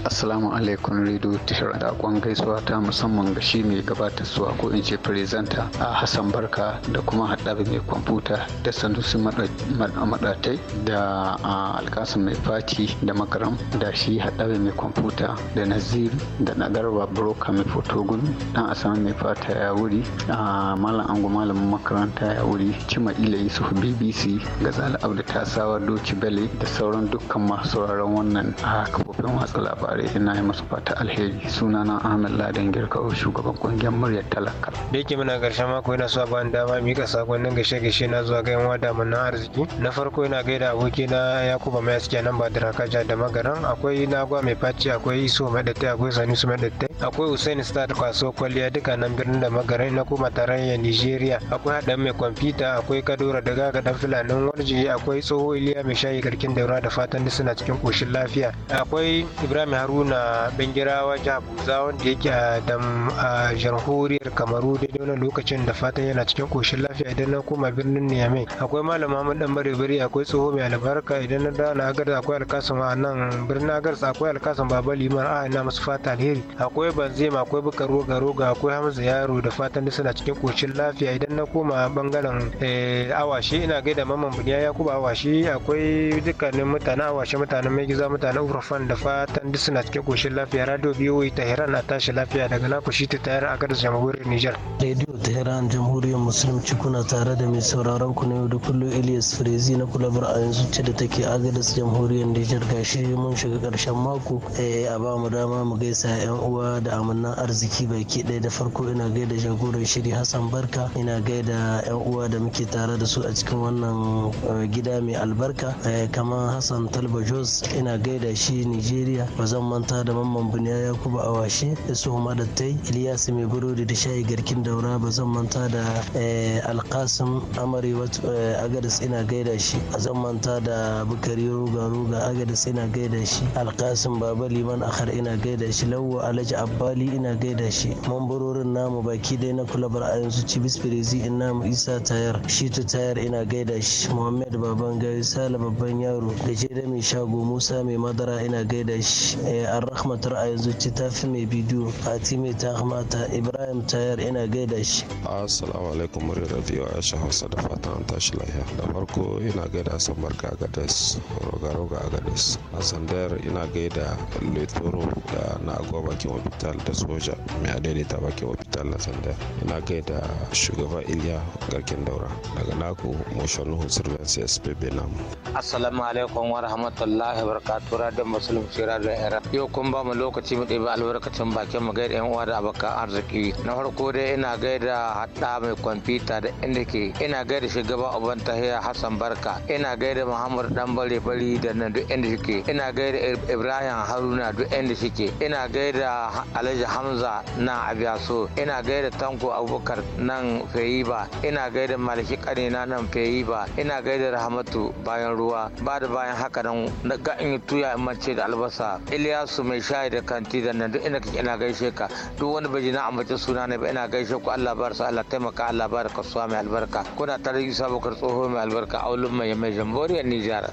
Assalamu alaikum Radio Tashar da kwan gaisuwa ta musamman ga shi mai gabatar suwa ko in ce presenter a Hassan Barka da kuma haɗabi mai kwamfuta da sandusi Madatai da alkasa mai faci da makaram da shi haɗabi mai kwamfuta da Nazir da Nagarwa Broka mai fotogun dan Asama mai fata ya wuri a Malam angu malamin makaranta ya wuri Cima Ila Yusuf BBC ga Zala da Tasawa Doci bale da sauran dukkan masu sauraron wannan a kafofin watsa labarai. saurare ina yi masu fata alheri sunana ahmed ladan girkawo shugaban kungiyar muryar talaka da yake muna karshen mako yana so a bani dama mika sakonnin gashe gashe na zuwa gayan wa wada na arziki na farko yana gaida aboki na yakuba mai aski nan ba dirakaja da magaran akwai nagwa mai faci akwai iso madatai akwai su madatai akwai usain star kwaso kwalliya duka nan birnin da magaran na kuma tarayyar nigeria akwai haɗa mai kwamfuta akwai kadora da gaga dan filanin warji akwai tsoho iliya mai shayi garkin daura da fatan suna cikin koshin lafiya akwai ibrahim haruna bengirawa jabuza wanda yake a dam a jamhuriyar kamaru daidai wannan lokacin da fatan yana cikin koshin lafiya idan na koma birnin niyame akwai malam muhammad dan bari akwai tsoho mai albarka idan na dawo na agarza akwai alkasun a nan birnin agarza akwai alkasun baba liman a ina musu fata alheri akwai banzema akwai bukar roga roga akwai hamza yaro da fatan suna cikin koshin lafiya idan na koma bangaren eh, awashe ina gaida mamman buniya yakubu awashe akwai dukkanin mutanen awashe mutanen mai giza mutanen urfan da fatan duk suna cike koshin lafiya radio biyoyi tehran na tashi lafiya daga naku ta tayar a gadar jamhuriyar niger radio tehran jamhuriyar musulunci kuna tare da mai sauraron ku na yau da kullum elias frezi na kulabar a yanzu ce da take gadar jamhuriyar niger gashi mun shiga karshen mako eh, a ba mu dama mu gaisa yan uwa da amannan arziki baki ɗaya da farko ina gaida jagoran shiri hassan barka ina gaida yan uwa da muke tare da su a cikin wannan eh, gida mai albarka eh, kamar hassan talba jos ina gaida shi nigeria ba zan zan manta da mamman buniya yakubu awashe da su da tai iliyasu mai burodi da shayi garkin daura ba zan manta da eh, alkasim amari eh, agadis ina gaida shi a zan manta da bukari ruga ruga agadis ina gaida shi alkasim baba liman akhar ina gaida shi lawa alhaji abbali ina gaida shi mambarorin namu baki dai na kulabar a yanzu cibis firezi in namu isa tayar shitu tayar ina gaida shi muhammad baban gari sale babban yaro da da mai shago musa mai madara ina gaida shi an rahmatar a zuci ta fi mai bidiyo fatime ta hamata ibrahim tayar ina gaida shi assalamu alaikum murin rabiwa ya shi hausa da fatan an tashi lahiya da farko ina gaida san barka a gadas roga-roga a gadas a sandar ina gaida letoro da na agwa bakin hospital da soja mai adaidaita bakin hospital na sandar ina gaida shugaba iliya garkin daura daga naku motion nuhu surveillance spb namu assalamu alaikum wa rahmatullahi barakatuhu radon musulun shirar da yau kun ba mu lokaci mu ɗebi albarkacin bakin mu gaida yan uwa da abokan arziki na farko dai ina gaida hadda mai kwamfuta da inda ke ina gaida shugaba uban tahiya hassan barka ina gaida muhammad dan bare bari da nan duk inda shike ina gaida ibrahim haruna duk inda shike ina gaida alhaji hamza na abiyaso ina gaida tanko abubakar nan feyiba ina gaida maliki kanina nan feyiba ina gaida rahmatu bayan ruwa ba da bayan haka nan na ga in tuya in mace da albasa Iliyasu mai shayi da kanti da nan duk ina ina gaishe ka duk wani bai na ambaci suna ne ba ina gaishe ku Allah bar sa Allah taimaka Allah bar ka suwa mai albarka kuna tare Isa tsoho mai albarka aulun mai mai jamboriyar Nijar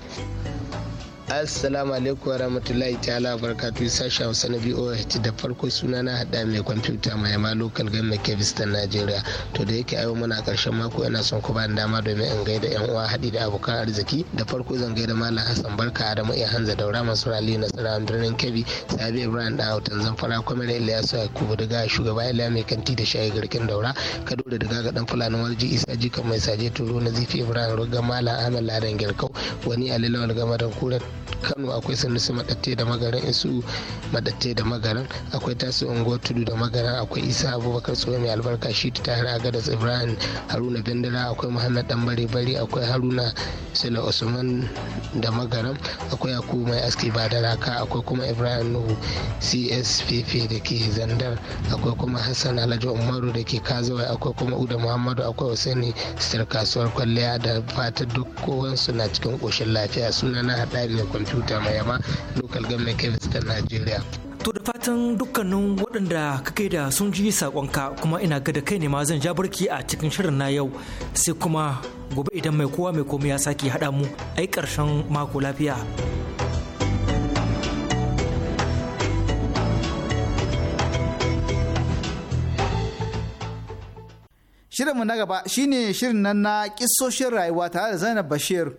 assalamu alaikum warahmatullahi ta'ala barakatuh sashen hausa na boh da farko suna na hada mai kwamfuta mai ma local government kevistan najeriya to da yake ayo muna karshen mako yana son ku bani dama domin in gaida yan uwa hadi da abokan arziki da farko zan gaida malam hassan barka adamu iya hanza daura masu rali na tsirawan birnin kebbi sabi ibrahim da hautan zamfara kwamar ilyasu yakubu daga shugaba ila mai kanti da shayi garkin daura kado da daga ga dan fulani waje isa jika mai saje turo na zifi ibrahim ruga malam ahmed ladan girkau wani alilawar gama da kurar kano akwai su madatte da magaran isu madatte da magaran akwai tasu ungo tudu da magaran akwai isa abubakar tsoro mai albarka shi ta tare agadas ibrahim haruna bindira akwai muhammad dan bari bari akwai haruna sila usman da magaran akwai aku mai aski ba da raka akwai kuma ibrahim nuhu cspp da ke zandar akwai kuma hassan alhaji umaru da ke kazawai akwai kuma uda muhammadu akwai hussaini sitar kasuwar kwalliya da fatan duk kowansu na cikin koshin lafiya sunana haɗari kwamfuta mai yama local government kebis ta najeriya To da fatan dukkanin waɗanda ka kai da sun ji saƙonka kuma ina ga da kai ne ma zan ja barki a cikin shirin na yau sai kuma gobe idan mai kowa mai komai ya sake haɗa mu ai ƙarshen mako lafiya. Shirinmu na gaba shine shirin nan na ƙisoshin rayuwa tare da Zainab Bashir.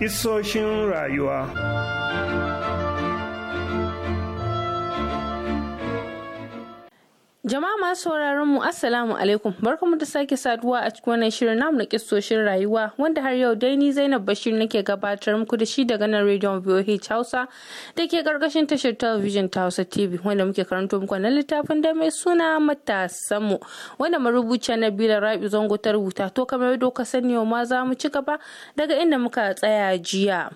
isoshin rayuwa. Jama'a masu sauraron mu Assalamu alaikum barkamu da sake saduwa a cikin wannan shirin namu na kissoshin rayuwa wanda har yau dai ni Zainab Bashir nake gabatar muku da shi daga nan Radio VOH Hausa da ke karkashin tashar Television ta Hausa TV wanda muke karanto muku na littafin da mai suna matasan mu wanda na Nabila Rabi Zango ta rubuta to kamar yadda ka sani yau ma za mu ci gaba daga inda muka tsaya jiya.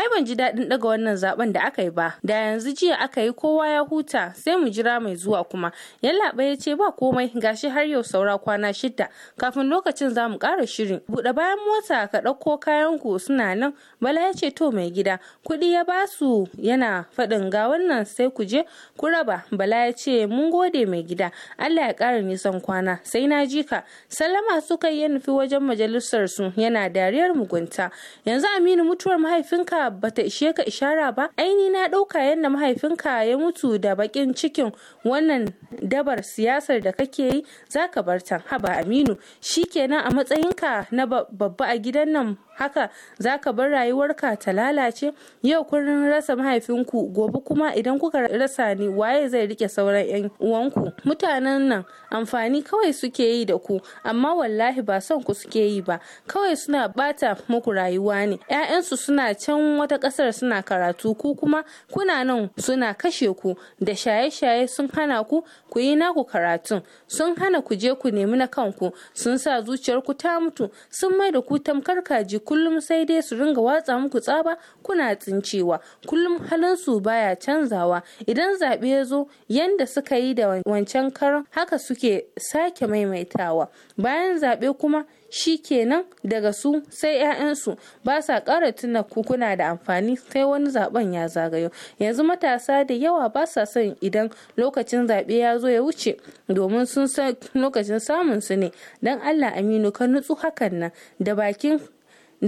ai ban ji daɗin ɗaga wannan zaben da aka yi ba da yanzu jiya aka yi kowa ya huta sai mu jira mai zuwa kuma yallaɓa ya ce ba komai gashi har yau saura kwana shida kafin lokacin za mu ƙara shirin buɗe bayan mota ka ɗauko kayan ku suna nan bala ya ce to mai gida kuɗi ya basu yana faɗin ga wannan sai ku je ku raba bala ya ce mun gode mai gida allah ya ƙara nisan kwana sai na ji ka sallama suka yi nufi wajen majalisar su yana dariyar mugunta yanzu aminu mutuwar mahaifinka bata ishe ka ishara ba aini na ɗauka yadda mahaifinka ya mutu da bakin cikin wannan dabar siyasar da kake yi zaka bar ta haba aminu shikenan a matsayinka na babba a gidan nan haka za ka bar rayuwarka ta lalace yau kun rasa mahaifinku gobe kuma idan kuka rasa ni waye zai rike sauran yan uwanku mutanen nan amfani kawai suke yi da ku amma wallahi ba son ku suke yi ba kawai suna bata muku rayuwa ne ƴaƴansu suna can wata ƙasar suna karatu ku kuma kuna nan suna kashe ku da shaye-shaye sun hana ku ku yi naku karatun sun hana ku je ku nemi na kanku sun sa zuciyarku ta mutu sun mai da ku tamkar kaji kullum sai dai su ringa watsa muku tsaba kuna tsincewa kullum halin su baya canzawa idan zaɓe ya zo yanda suka yi da wancan karan haka suke sake maimaitawa bayan zaɓe kuma shi kenan daga su sai 'ya'yansu ba sa ƙara tuna kuna da amfani sai wani zaben ya zagayo yanzu matasa da yawa ba sa son idan lokacin zaɓe ya zo ya wuce domin sun san lokacin samun su ne don allah aminu ka nutsu hakan nan da bakin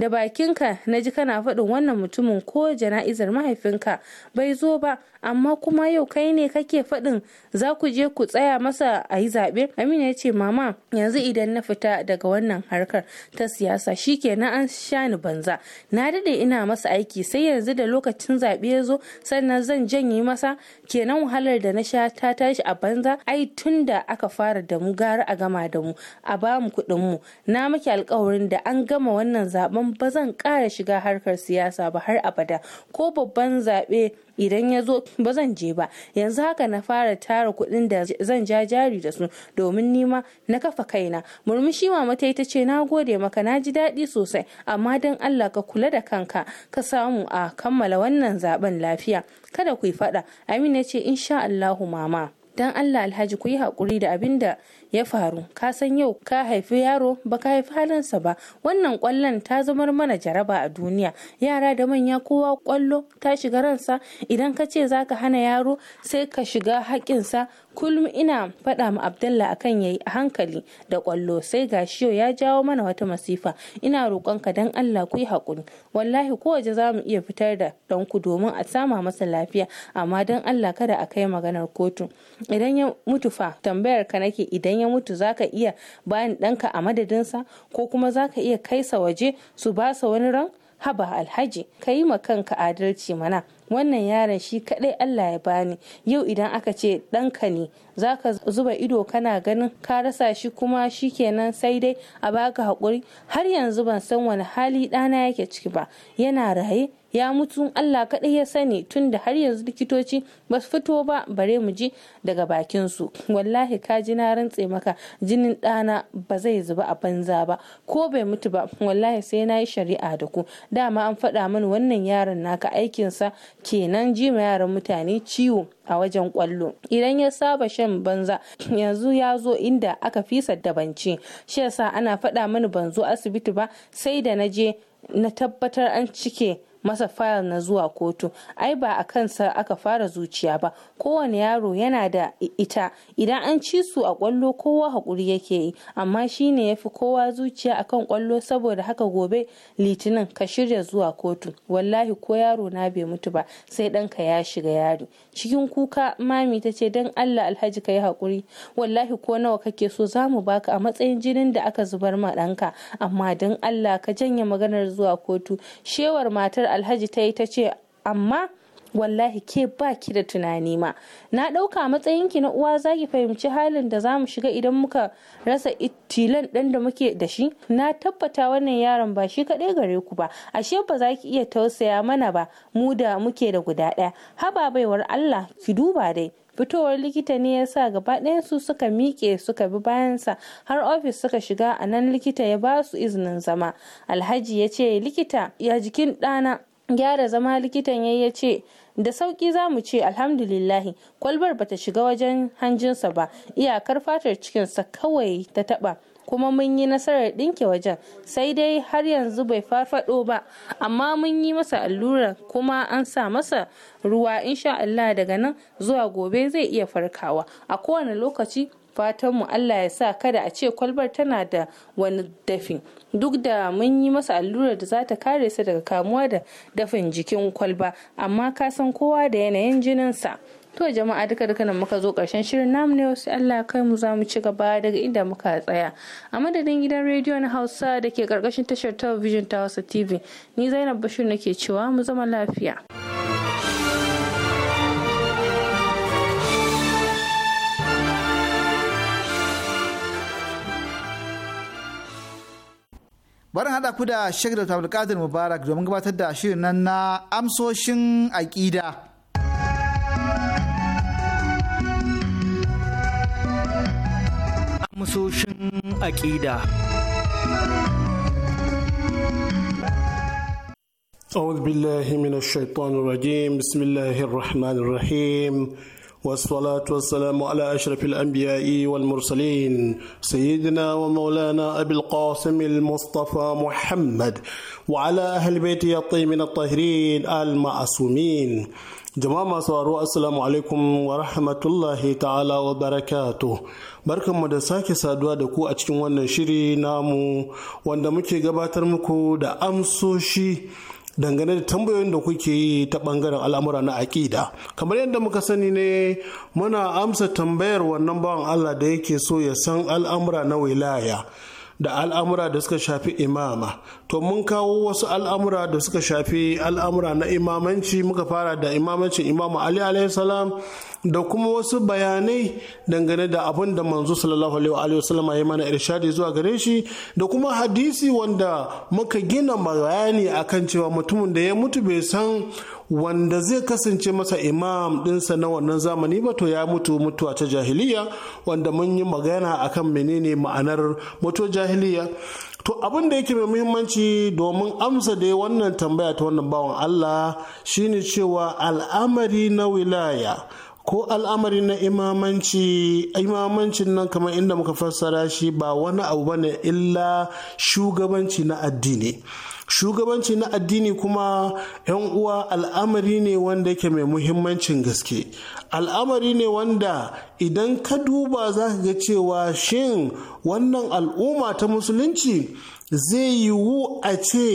da bakinka na ji kana faɗin wannan mutumin ko jana'izar mahaifinka bai zo ba amma kuma yau kai ne kake faɗin za ku je ku tsaya masa a yi zaɓe amina ya ce mama yanzu idan na fita daga wannan harkar ta siyasa shi shikenan an sha ni banza na daɗe ina masa aiki sai yanzu da lokacin zaɓe ya zo sannan zan janye masa kenan wahalar da na sha ta tashi a banza ai tun da aka fara da mu gara a gama da mu a ba mu kuɗin mu na maki alkawarin da an gama wannan zaɓen domin ba zan ƙara shiga harkar siyasa ba har abada ko babban zaɓe idan ya zo ba zan je ba yanzu haka na fara tara kuɗin da zan ja jari da su domin nima na kafa kaina murmushi mama ta ta ce na gode maka na ji daɗi sosai amma don allah ka kula da kanka ka samu a kammala wannan zaben lafiya kada ku yi faɗa amina ce insha allahu mama don allah alhaji ku yi haƙuri da abinda. ya faru ka san yau ka haifi yaro ba ka haifi halinsa ba wannan kwallon ta zama mana jaraba a duniya yara da manya kowa kwallo ta shiga ransa idan ka ce za ka hana yaro sai ka shiga haƙinsa kullum ina faɗa ma abdallah akan yayi a hankali da kwallo sai gashiyo ya jawo mana wata masifa ina roƙonka dan allah ku yi haƙuri wallahi kowace za mu iya fitar da ɗanku domin a sama masa lafiya amma dan allah kada a kai maganar kotu idan ya mutu fa tambayar ka nake idan ya mutu zaka iya bayan ɗanka a madadinsa ko kuma zaka iya kai sa waje su basa wani ran haba alhaji ka yi ma kanka adalci mana wannan yaron shi kaɗai Allah ya bani yau idan aka ce ɗanka ne zaka zuba ido kana ganin ka rasa shi kuma shi kenan sai dai a baka haƙuri har yanzu ban san wani hali ɗana yake ciki ba yana raye ya mutu Allah kaɗai ya sani tun da har yanzu likitoci ba su fito ba bare mu ji daga bakin su wallahi ka ji na rantse maka jinin ɗana ba zai zuba a banza ba ko bai mutu ba wallahi sai na yi shari'a da ku dama an faɗa mani wannan yaron naka aikin sa kenan ji ma yaran mutane ciwo a wajen kwallo idan ya saba shan banza yanzu ya zo inda aka fi saddabanci shi yasa ana faɗa mani ban zo asibiti ba sai da na je na tabbatar an cike masa fayil na zuwa kotu ai ba a kansa aka fara zuciya ba kowane yaro yana da ita idan an ci su a kwallo kowa haƙuri yake yi amma shi ne ya fi kowa zuciya akan kwallo saboda haka gobe litinin ka shirya zuwa kotu wallahi ko yaro na bai mutu ba sai ɗanka ya shiga yari cikin kuka mami ta ce don allah alhaji ka yi haƙuri wallahi ko nawa kake so za mu baka a matsayin jinin da aka zubar ma ɗanka amma don allah ka janye maganar zuwa kotu shewar matar alhaji ta yi ta ce amma wallahi ke ba ki da tunani ma na ɗauka matsayinki na uwa za ki fahimci halin da za mu shiga idan muka rasa itilan ɗan da muke da shi na tabbata wannan yaron ba shi kaɗai gare ku ba ashe ba za ki iya tausaya mana ba mu da muke da guda ɗaya haba baiwar allah ki duba dai fitowar likita ne ya sa gaba su suka miƙe suka bi bayansa har ofis suka shiga a nan likita ya ba su izinin zama alhaji ya ce likita ya jikin ɗana gyara zama likitan ya ce da sauki za mu ce alhamdulillahi kwalbar bata shiga wajen hanjinsa ba iyakar fatar cikinsa kawai ta taba kuma mun yi nasarar ɗinke wajen sai dai har yanzu bai farfado ba amma mun yi masa allura kuma an sa masa ruwa insha Allah daga nan zuwa gobe zai iya farkawa a kowane lokaci fatanmu Allah ya sa kada a ce kwalbar tana da wani dafi duk da mun yi masa allurar da za ta kare sa daga kamuwa da dafin jikin kwalba amma ka san kowa da yanayin jininsa to jama'a duka duka nan muka zo karshen shirin namu ne wasu Allah kai mu za mu ci gaba daga inda muka tsaya a madadin gidan rediyo na Hausa da ke karkashin tashar talabijin ta Hausa TV ni Zainab Bashir nake cewa mu zama lafiya. Barin hada ku da Sheikh Dr. Abdulkadir Mubarak domin gabatar da shirin nan na amsoshin aƙida. Amsoshin aƙida. أعوذ بالله من الشيطان الرجيم بسم الله الرحمن الرحيم والصلاة والسلام على أشرف الأنبياء والمرسلين سيدنا ومولانا أبي القاسم المصطفى محمد وعلى أهل بيته الطيبين الطاهرين المعصومين jama'a masu waro assalamu alaikum wa rahmatullahi ta'ala wa barakatuh barkanmu da sake saduwa da ku a cikin wannan shiri namu wanda muke gabatar muku da amsoshi dangane da tambayoyin da kuke yi ta bangaren al'amura na aƙida kamar yadda muka sani ne muna amsa tambayar wannan bawan allah da yake so ya san al'amura na wilaya da al'amura da suka shafi imama to mun kawo wasu al'amura da suka shafi al'amura na imamanci muka fara da imamancin imamu ali salam da kuma wasu bayanai dangane da abin da manzo sallallahu alaihi sallama ya mana irshadi zuwa gare shi da kuma hadisi wanda muka gina bayani akan cewa mutumin da ya mutu bai san wanda zai kasance masa imam dinsa na wannan zamani ba to ya mutu mutuwa ta jahiliya wanda mun yi magana akan menene ma'anar mutuwar jahiliya to abin da yake mai muhimmanci domin amsa da wannan tambaya ta wannan bawan Allah shine cewa al'amari na wilaya ko al'amari na imamanci imamancin nan kamar inda muka fassara shi ba wani abu bane illa shugabanci na addini shugabanci na addini kuma 'yan uwa al'amari ne wanda yake mai muhimmancin gaske al'amari ne wanda idan ka duba za ka ga cewa shin wannan al'umma ta musulunci zai yiwu a ce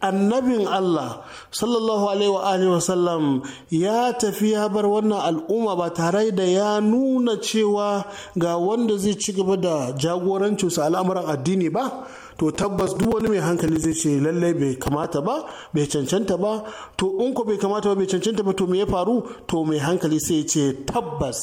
annabin Allah sallallahu alaihi wa wasallam ya tafi ya bar wannan al'umma ba tare da ya nuna cewa ga wanda zai ci gaba da jagorancinsa al'amuran addini ba to tabbas duk wani mai hankali zai ce lallai bai kamata ba bai cancanta ba to in ko bai kamata ba bai cancanta ba to me ya faru to mai hankali sai ya ce tabbas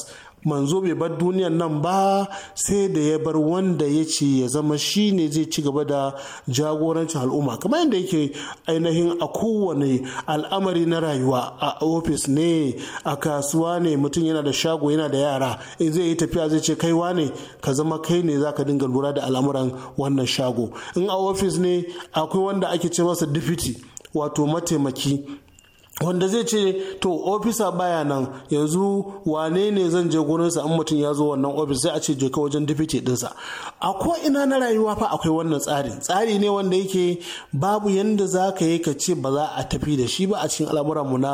manzo bai bar duniyan nan ba sai da ya bar wanda ya ce ya zama shi ne zai ci gaba da jagorancin al'umma kamar yadda yake ainihin a kowane al'amari na rayuwa a ofis ne a kasuwa ne mutum yana da shago yana da yara in zai yi tafiya zai ce kaiwa ne ka zama kai ne za ka dinga lura da al'amuran wannan shago in a ofis ne akwai wanda ake ce masa difiti wato mataimaki wanda zai ce to ofisa baya nan yanzu wane ne zan je gurinsa in mutum ya zo wannan ofis sai a ce je ka wajen dipiti dinsa a ko ina na rayuwa fa akwai wannan tsari tsari ne wanda yake babu yanda za ka yi ka ce ba za a tafi da shi ba a cikin al'amuranmu na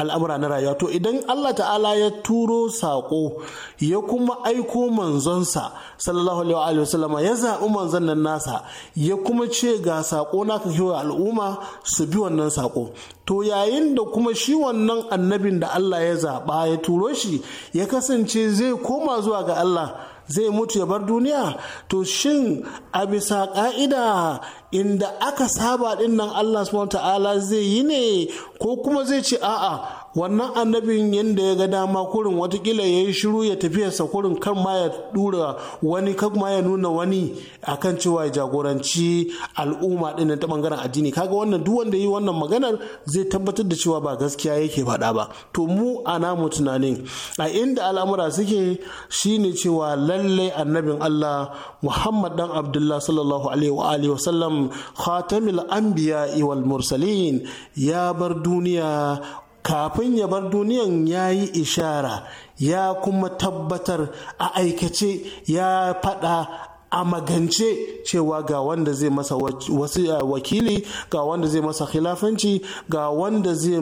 al'amura na rayuwa to idan Allah ta'ala ya turo saƙo ya kuma aiko manzonsa sallallahu alaihi wa sallama ya zaɓi manzon nan nasa ya kuma ce ga saƙo na ka al'umma su bi wannan saƙo to yayin da kuma shi wannan annabin da Allah ya zaɓa ya turo shi ya kasance zai koma zuwa ga Allah zai mutu ya bar duniya to shin a bisa ƙa'ida inda aka saba dinnan Allah subhanahu ta'ala zai yi ne ko kuma zai ce a'a wannan annabin yadda ya ga dama kurin watakila ya yi shiru ya ya kurin kan ma ya dura wani kan ma ya nuna wani akan cewa ya jagoranci al'umma din ta bangaren addini kaga wannan duk wanda yi wannan maganar zai tabbatar da cewa ba gaskiya yake faɗa ba to mu a namu tunanin a inda al'amura suke shine cewa lallai annabin Allah Muhammad dan Abdullah sallallahu alaihi wa alihi wasallam sallam khatamil anbiya wal mursalin ya bar duniya kafin ya bar duniyan ya yi ishara ya kuma tabbatar a aikace ya fada a magance cewa ga wanda zai masa wakili ga wanda zai masa khilafanci ga wanda zai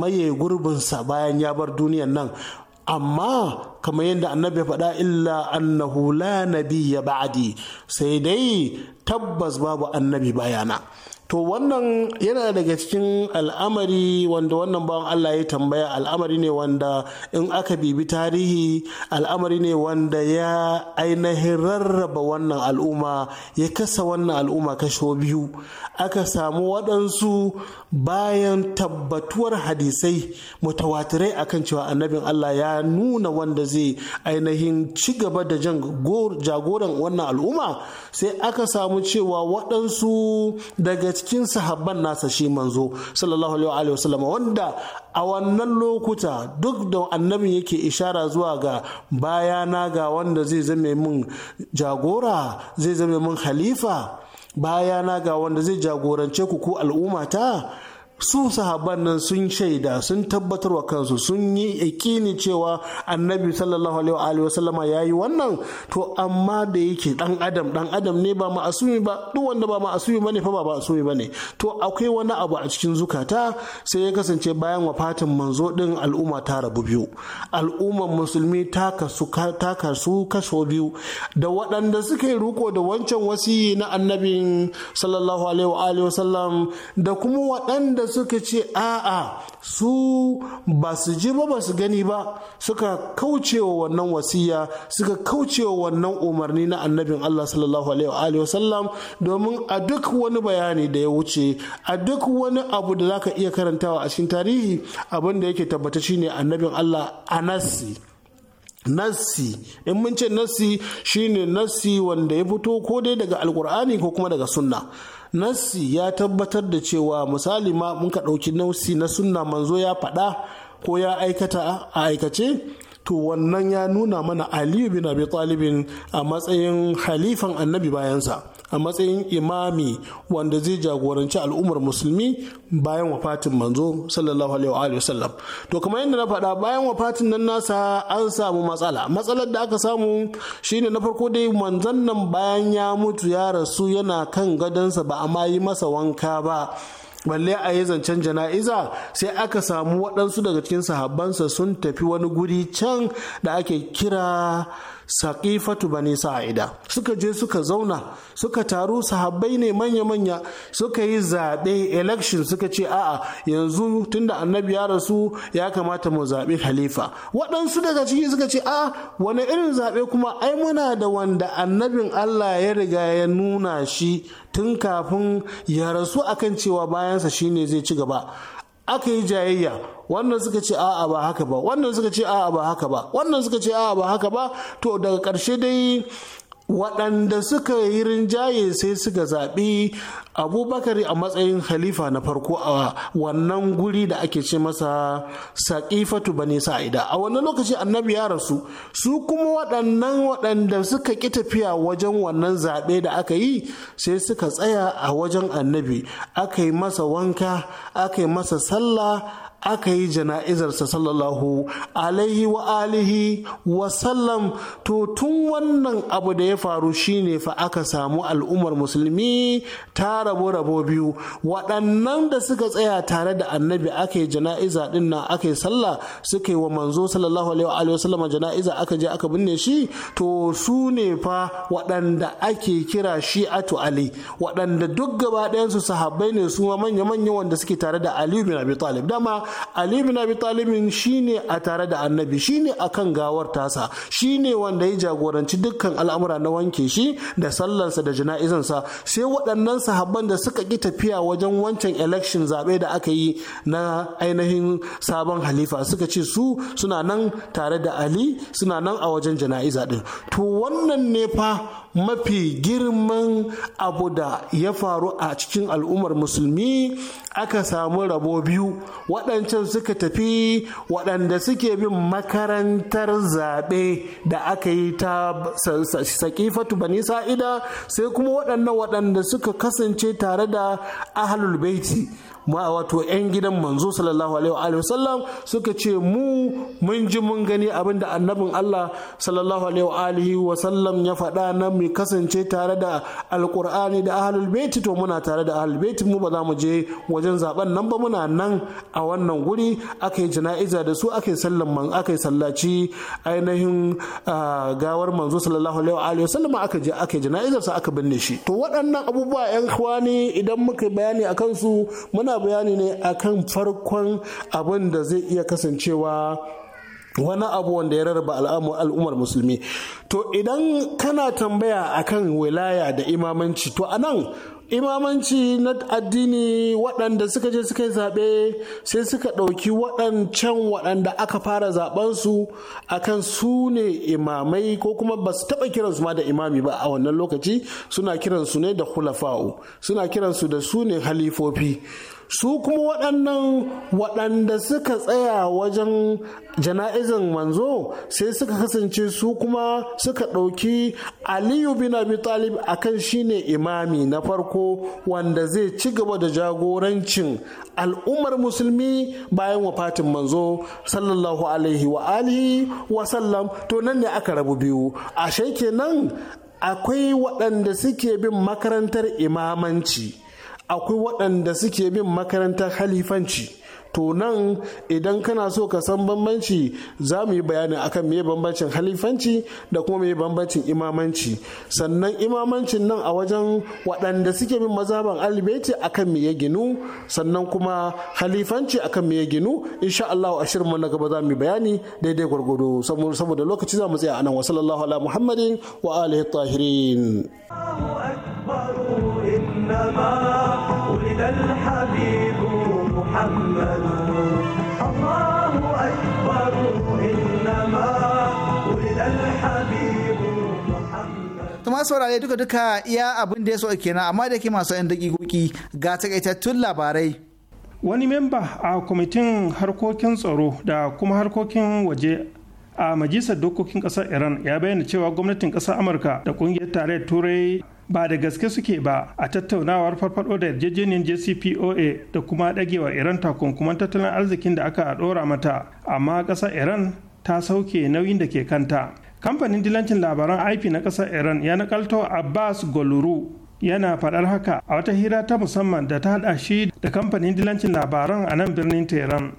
maye gurbinsa bayan ya bar duniyan nan amma kamar yadda annabi faɗa illa annahu la ya ba'adi sai dai tabbas babu annabi bayana to wannan yana daga cikin al'amari wanda wannan bawan Allah ya tambaya al'amari ne wanda in aka bibi tarihi al'amari ne wanda ya ainihin rarraba wannan al'umma ya kasa wannan al'umma kasho biyu aka samu waɗansu bayan tabbatuwar hadisai mutawatirai akan cewa annabin Allah ya nuna wanda zai ainihin ci gaba da jagoran wannan al'umma sai aka samu cewa waɗansu daga cikin sahabban nasa shi manzo sallallahu alaihi wasallam wanda a wannan lokuta duk da annabin yake ishara zuwa ga bayana ga wanda zai zame min jagora zai zame min halifa bayana ga wanda zai jagorance ku ko ta? su sahaban nan sun shaida sun tabbatar wa kansu sun yi ikini cewa annabi sallallahu alaihi wasallama ya yi wannan to amma da yake dan adam dan adam ne ba ma'asumi ba duk wanda ba ma'asumi bane fa ba asumi bane to akwai wani abu a cikin zukata sai ya kasance bayan wafatin manzo din al'umma ta rabu biyu al'ummar musulmi ta kasu ta kasu kaso biyu da waɗanda suka yi riko da wancan wasiyi na annabin sallallahu alaihi wasallam da kuma waɗanda suka ce a'a su ba su ji ba ba su gani ba suka kaucewa wannan wasiya suka kaucewa wannan umarni na annabin Allah sallallahu alaihi wa domin a duk wani bayani da ya wuce a duk wani abu da zaka iya karantawa a cikin tarihi abin da yake tabbata shine annabin Allah anasi nassi in mun ce nassi shine nasi wanda ya fito ko dai daga alkur'ani ko kuma daga sunna nassi ya tabbatar da cewa misali ma mun ka ɗauki nausi na sunna manzo ya faɗa ko ya aikata a aikace to wannan ya nuna mana aliyu bin abi talibin a matsayin halifan annabi bayansa a matsayin imami wanda zai jagoranci al'ummar musulmi bayan wafatin manzo sallallahu alaihi wa sallam to kamar yadda na faɗa bayan wafatin nan nasa an samu matsala matsalar da aka samu shine na farko dai manzon nan bayan ya mutu ya rasu yana kan gadansa ba a ma yi masa wanka ba balle a yi zancen jana'iza sai aka samu waɗansu daga cikin sahabbansa sun tafi wani guri can da ake kira saƙifatu bani sa'ida suka je suka zauna suka taru sahabbai ne manya-manya suka yi zaɓe election suka ce a'a yanzu tunda annabi ya rasu ya kamata mu zaɓi khalifa waɗansu daga ciki suka ce a wani irin zaɓe kuma ai muna da wanda annabin Allah ya riga ya nuna shi tun kafin ya rasu akan cewa bayansa shine zai ci gaba aka yi jayayya wannan suka ce a'a ba haka ba wannan suka ce a'a ba haka ba wannan suka ce a'a ba haka ba to daga ƙarshe dai waɗanda suka yi rinjaye sai suka zaɓi abubakari a matsayin halifa na farko a wannan guri da ake ce masa saƙifatu bani sa'ida a wannan lokaci annabi ya rasu su kuma waɗannan waɗanda suka ƙi tafiya wajen wannan zaɓe da aka yi sai suka tsaya a wajen annabi aka yi masa wanka aka yi masa sallah aka yi jana'izarsa sallallahu alaihi wa alihi wa sallam to tun wannan abu da ya faru shine fa aka samu al'ummar musulmi ta rabo rabo biyu waɗannan da suka tsaya tare da annabi aka yi jana'iza din nan aka yi sallah suka yi wa manzo sallallahu alaihi wa sallam jana'iza aka je aka binne shi to su ne fa waɗanda ake kira shi shi'atu ali waɗanda duk gaba ɗayansu sahabbai ne su manya-manya wanda suke tare da aliyu bin abi talib dama ali bin abi talibin shine a tare da annabi shine akan gawar tasa shine wanda ya jagoranci dukkan al'amura na wanke shi da sallansa da jana'izansa sai waɗannan sahabban da suka ki tafiya wajen wancan election zaɓe da aka yi na ainihin sabon halifa suka ce su suna nan tare da ali suna nan a wajen jana'iza din to wannan ne fa mafi girman abu da ya faru a cikin al'ummar musulmi aka samu rabo biyu waɗancan suka tafi waɗanda suke bin makarantar zaɓe da aka yi ta saƙifatu bani sa'ida sai kuma waɗannan waɗanda suka kasance tare da ahalul baiti ma wato 'yan gidan manzo sallallahu alaihi wa sallam suka ce mu mun ji mun gani abin da annabin Allah sallallahu alaihi wa sallam ya faɗa na mu kasance tare da alkur'ani da ahlul baiti to muna tare da ahlul baiti mu ba za mu je wajen zaben nan ba muna nan a wannan guri aka yi jana'iza da su aka sallan aka yi sallaci ainihin gawar manzo sallallahu alaihi wa sallam aka je aka yi jana'izar sa aka binne shi to waɗannan abubuwa 'yan kwani idan muka bayani akan su muna bayani ne akan farkon abin da zai iya kasancewa wani abu wanda ya rarraba al'ummar musulmi to idan kana tambaya akan wilaya da imamanci to a nan imamanci na addini waɗanda suka je suka yi zaɓe sai suka ɗauki waɗancan waɗanda aka fara zaɓensu a kan su ne imamai ko kuma ba su taɓa kiransu ma da imami ba a wannan lokaci suna kiransu ne da hulafa'u suna kiransu da su ne halifofi su kuma waɗannan waɗanda suka tsaya wajen jana'izan manzo sai suka kasance su kuma suka ɗauki aliyu bin abi talib akan ne imami na farko wanda zai ci gaba da jagorancin al'ummar musulmi bayan fatin manzo sallallahu alaihi wa alihi wa sallam to nan ne aka rabu biyu ashe nan? akwai waɗanda suke bin makarantar imamanci akwai waɗanda suke bin makarantar halifanci to nan idan kana so ka san bambanci za mu yi bayani akan me bambancin halifanci da kuma me bambancin imamanci sannan imamancin nan a wajen waɗanda suke bin mazaban alibeti akan me ya ginu sannan kuma halifanci akan me ya ginu insha Allah a shirin na gaba za mu yi bayani daidai gwargwado saboda lokaci za mu tsaya anan wa sallallahu ala muhammadin wa alihi tahirin إنما ولد الحبيب محمد الله أكبر إنما ولد الحبيب kuma saurare duka duka iya abin da ya so kenan amma da ke masu 'yan dakikoki ga takaitattun labarai. Wani memba a kwamitin harkokin tsaro da kuma harkokin waje a Majisar dokokin ƙasar Iran ya bayyana cewa gwamnatin ƙasar Amurka da ƙungiyar tarayyar Turai ba da gaske suke ba a tattaunawar farfado da yarjejeniyar jcpoa da kuma dagewa iran takunkuman tattalin arzikin da aka dora mata amma ƙasar iran ta sauke nauyin da ke kanta kamfanin dilancin labaran ip na ƙasar iran ya nakalto abbas goluru yana faɗar haka a wata hira ta musamman da ta haɗa shi da kamfanin dilancin labaran a nan birnin tehran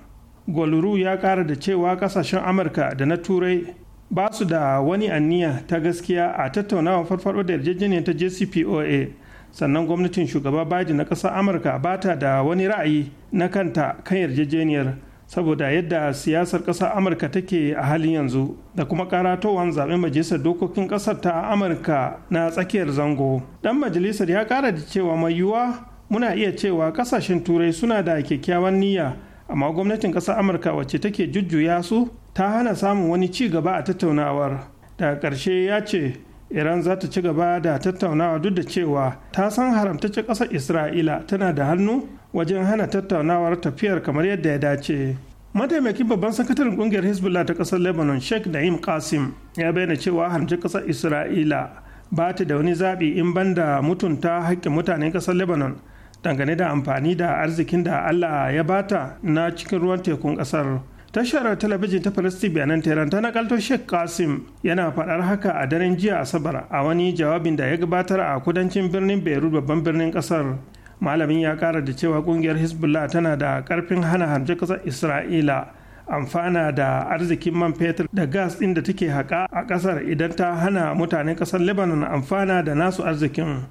goluru ya ƙara da cewa ƙasashen amurka da na turai ba su da wani anniya ta gaskiya a tattaunawa farfado da yarjejeniyar ta jcpoa sannan gwamnatin shugaba biden na ƙasar amurka ba ta da wani ra'ayi na kanta kan yarjejeniyar saboda yadda siyasar ƙasar amurka take a halin yanzu da kuma karatowar zaɓen majalisar dokokin ƙasar ta amurka na tsakiyar zango dan majalisar ya ƙara da cewa mai yiwuwa muna iya cewa ƙasashen turai suna da kyakkyawan niyya amma gwamnatin ƙasar amurka wacce take jujjuya su ta hana samun wani ci gaba a tattaunawar daga ƙarshe ya ce iran za ta ci gaba da tattaunawa duk da cewa ta san haramtacce ƙasar isra'ila tana da hannu wajen hana tattaunawar tafiyar kamar yadda ya dace mataimakin babban sakataren kungiyar hezbollah ta ƙasar lebanon sheikh na'im qasim ya bayyana cewa haramtacce ƙasar isra'ila ba ta da wani zaɓi in banda mutunta haƙƙin mutanen ƙasar lebanon dangane da amfani da arzikin da allah ya bata na cikin ruwan tekun ƙasar tashar talabijin ta palestine bayanan tehran ta nakalto sheikh kasim yana faɗar haka a daren jiya asabar a wani jawabin da ya gabatar a kudancin birnin beirut babban birnin ƙasar malamin ya kara da cewa ƙungiyar hezbollah tana da karfin hana harje ƙasar isra'ila amfana da arzikin man fetur da gas ɗin da take haƙa a ƙasar idan ta hana mutanen ƙasar lebanon amfana da nasu arzikin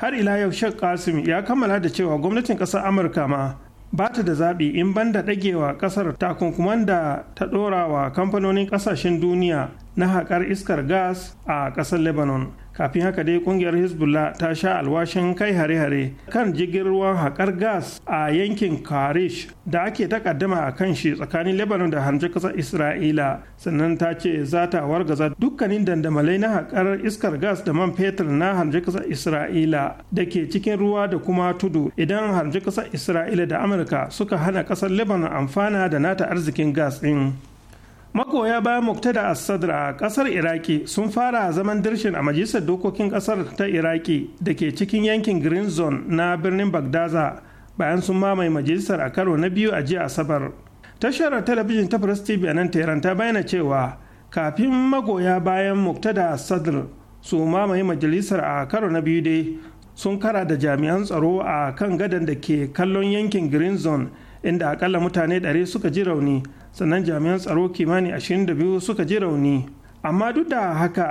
har ila yau sheikh kasim ya kammala da cewa gwamnatin ƙasar amurka ma ba ta da zaɓi in banda ɗagewa ƙasar takunkuman da ta ɗora wa kamfanonin ƙasashen duniya na haƙar iskar gas a ƙasar lebanon kafin haka dai kungiyar hezbollah ta sha alwashin kai hare-hare kan jirgin ruwan haƙar gas a yankin karish da ake takaddama a kan shi tsakanin lebanon da harje kasar isra'ila sannan ta ce za ta wargaza dukkanin dandamalai na haƙar iskar gas da man fetur na harje kasar isra'ila da ke cikin ruwa da kuma tudu idan harje kasar isra'ila da amurka suka hana ƙasar lebanon amfana da nata arzikin gas ɗin magoya bayan muktada As-Sadr a kasar iraki sun fara zaman dirshin a majalisar dokokin kasar ta iraki da ke cikin yankin green zone na birnin bagdaza bayan sun mamaye majalisar a karo na biyu a jiya asabar tashar talabijin ta press tv a nan tehran ta bayyana cewa kafin magoya bayan muktada As-Sadr su mamaye majalisar a karo na biyu dai sun kara da jami'an tsaro a kan gadan da ke kallon yankin green zone inda akalla mutane 100 suka ji rauni sannan jami'an tsaro kimanin 22 suka ji rauni amma duk da haka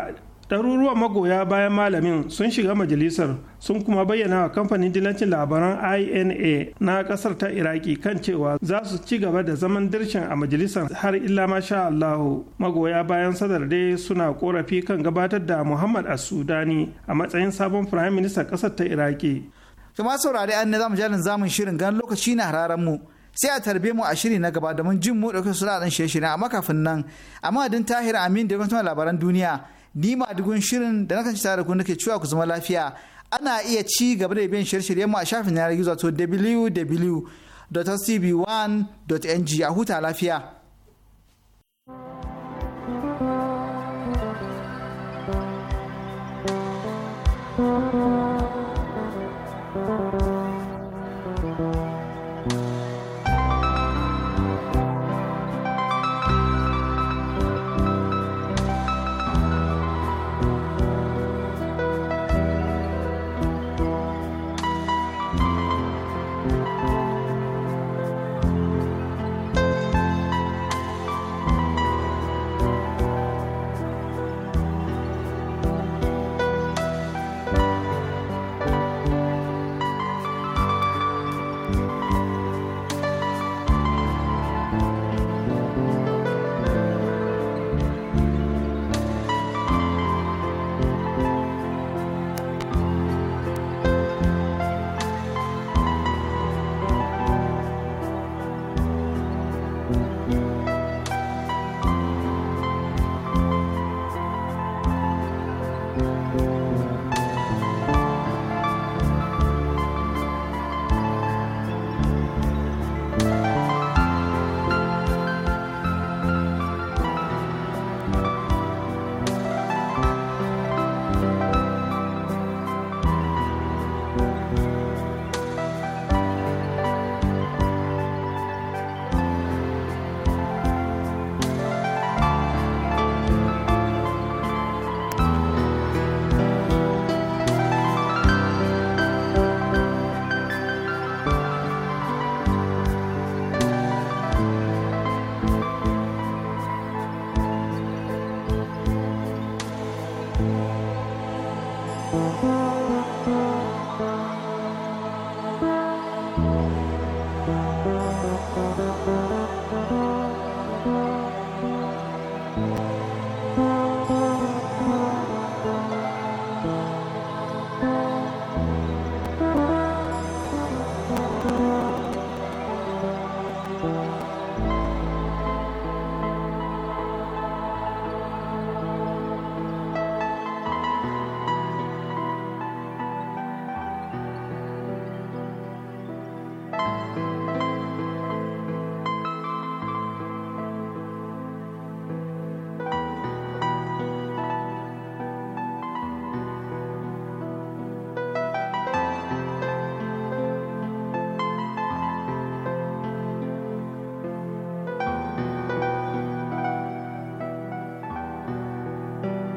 ɗaruruwan magoya bayan malamin sun shiga majalisar sun kuma bayyana wa kamfanin dilancin labaran ina na ƙasar ta iraki kan cewa za su ci gaba da zaman dirshin a majalisar har illa masha allahu magoya bayan sadar dai suna korafi kan gabatar da muhammad asudani sudani a matsayin sabon firayim ministan ƙasar ta iraki kuma saurari an ne zamu jalin zamun shirin gan lokaci na hararen mu sai a tarbe mu a shiri na gaba domin jin mu ɗauki suna ɗan shirye-shiryen amma kafin nan a madadin tahir amin da kuma labaran duniya ni ma dugun shirin da na kanci tare da ku nake cewa ku zama lafiya ana iya ci gaba da biyan shirye-shiryen mu a shafin yanar gizo to wwwcb 1ng a huta lafiya. thank you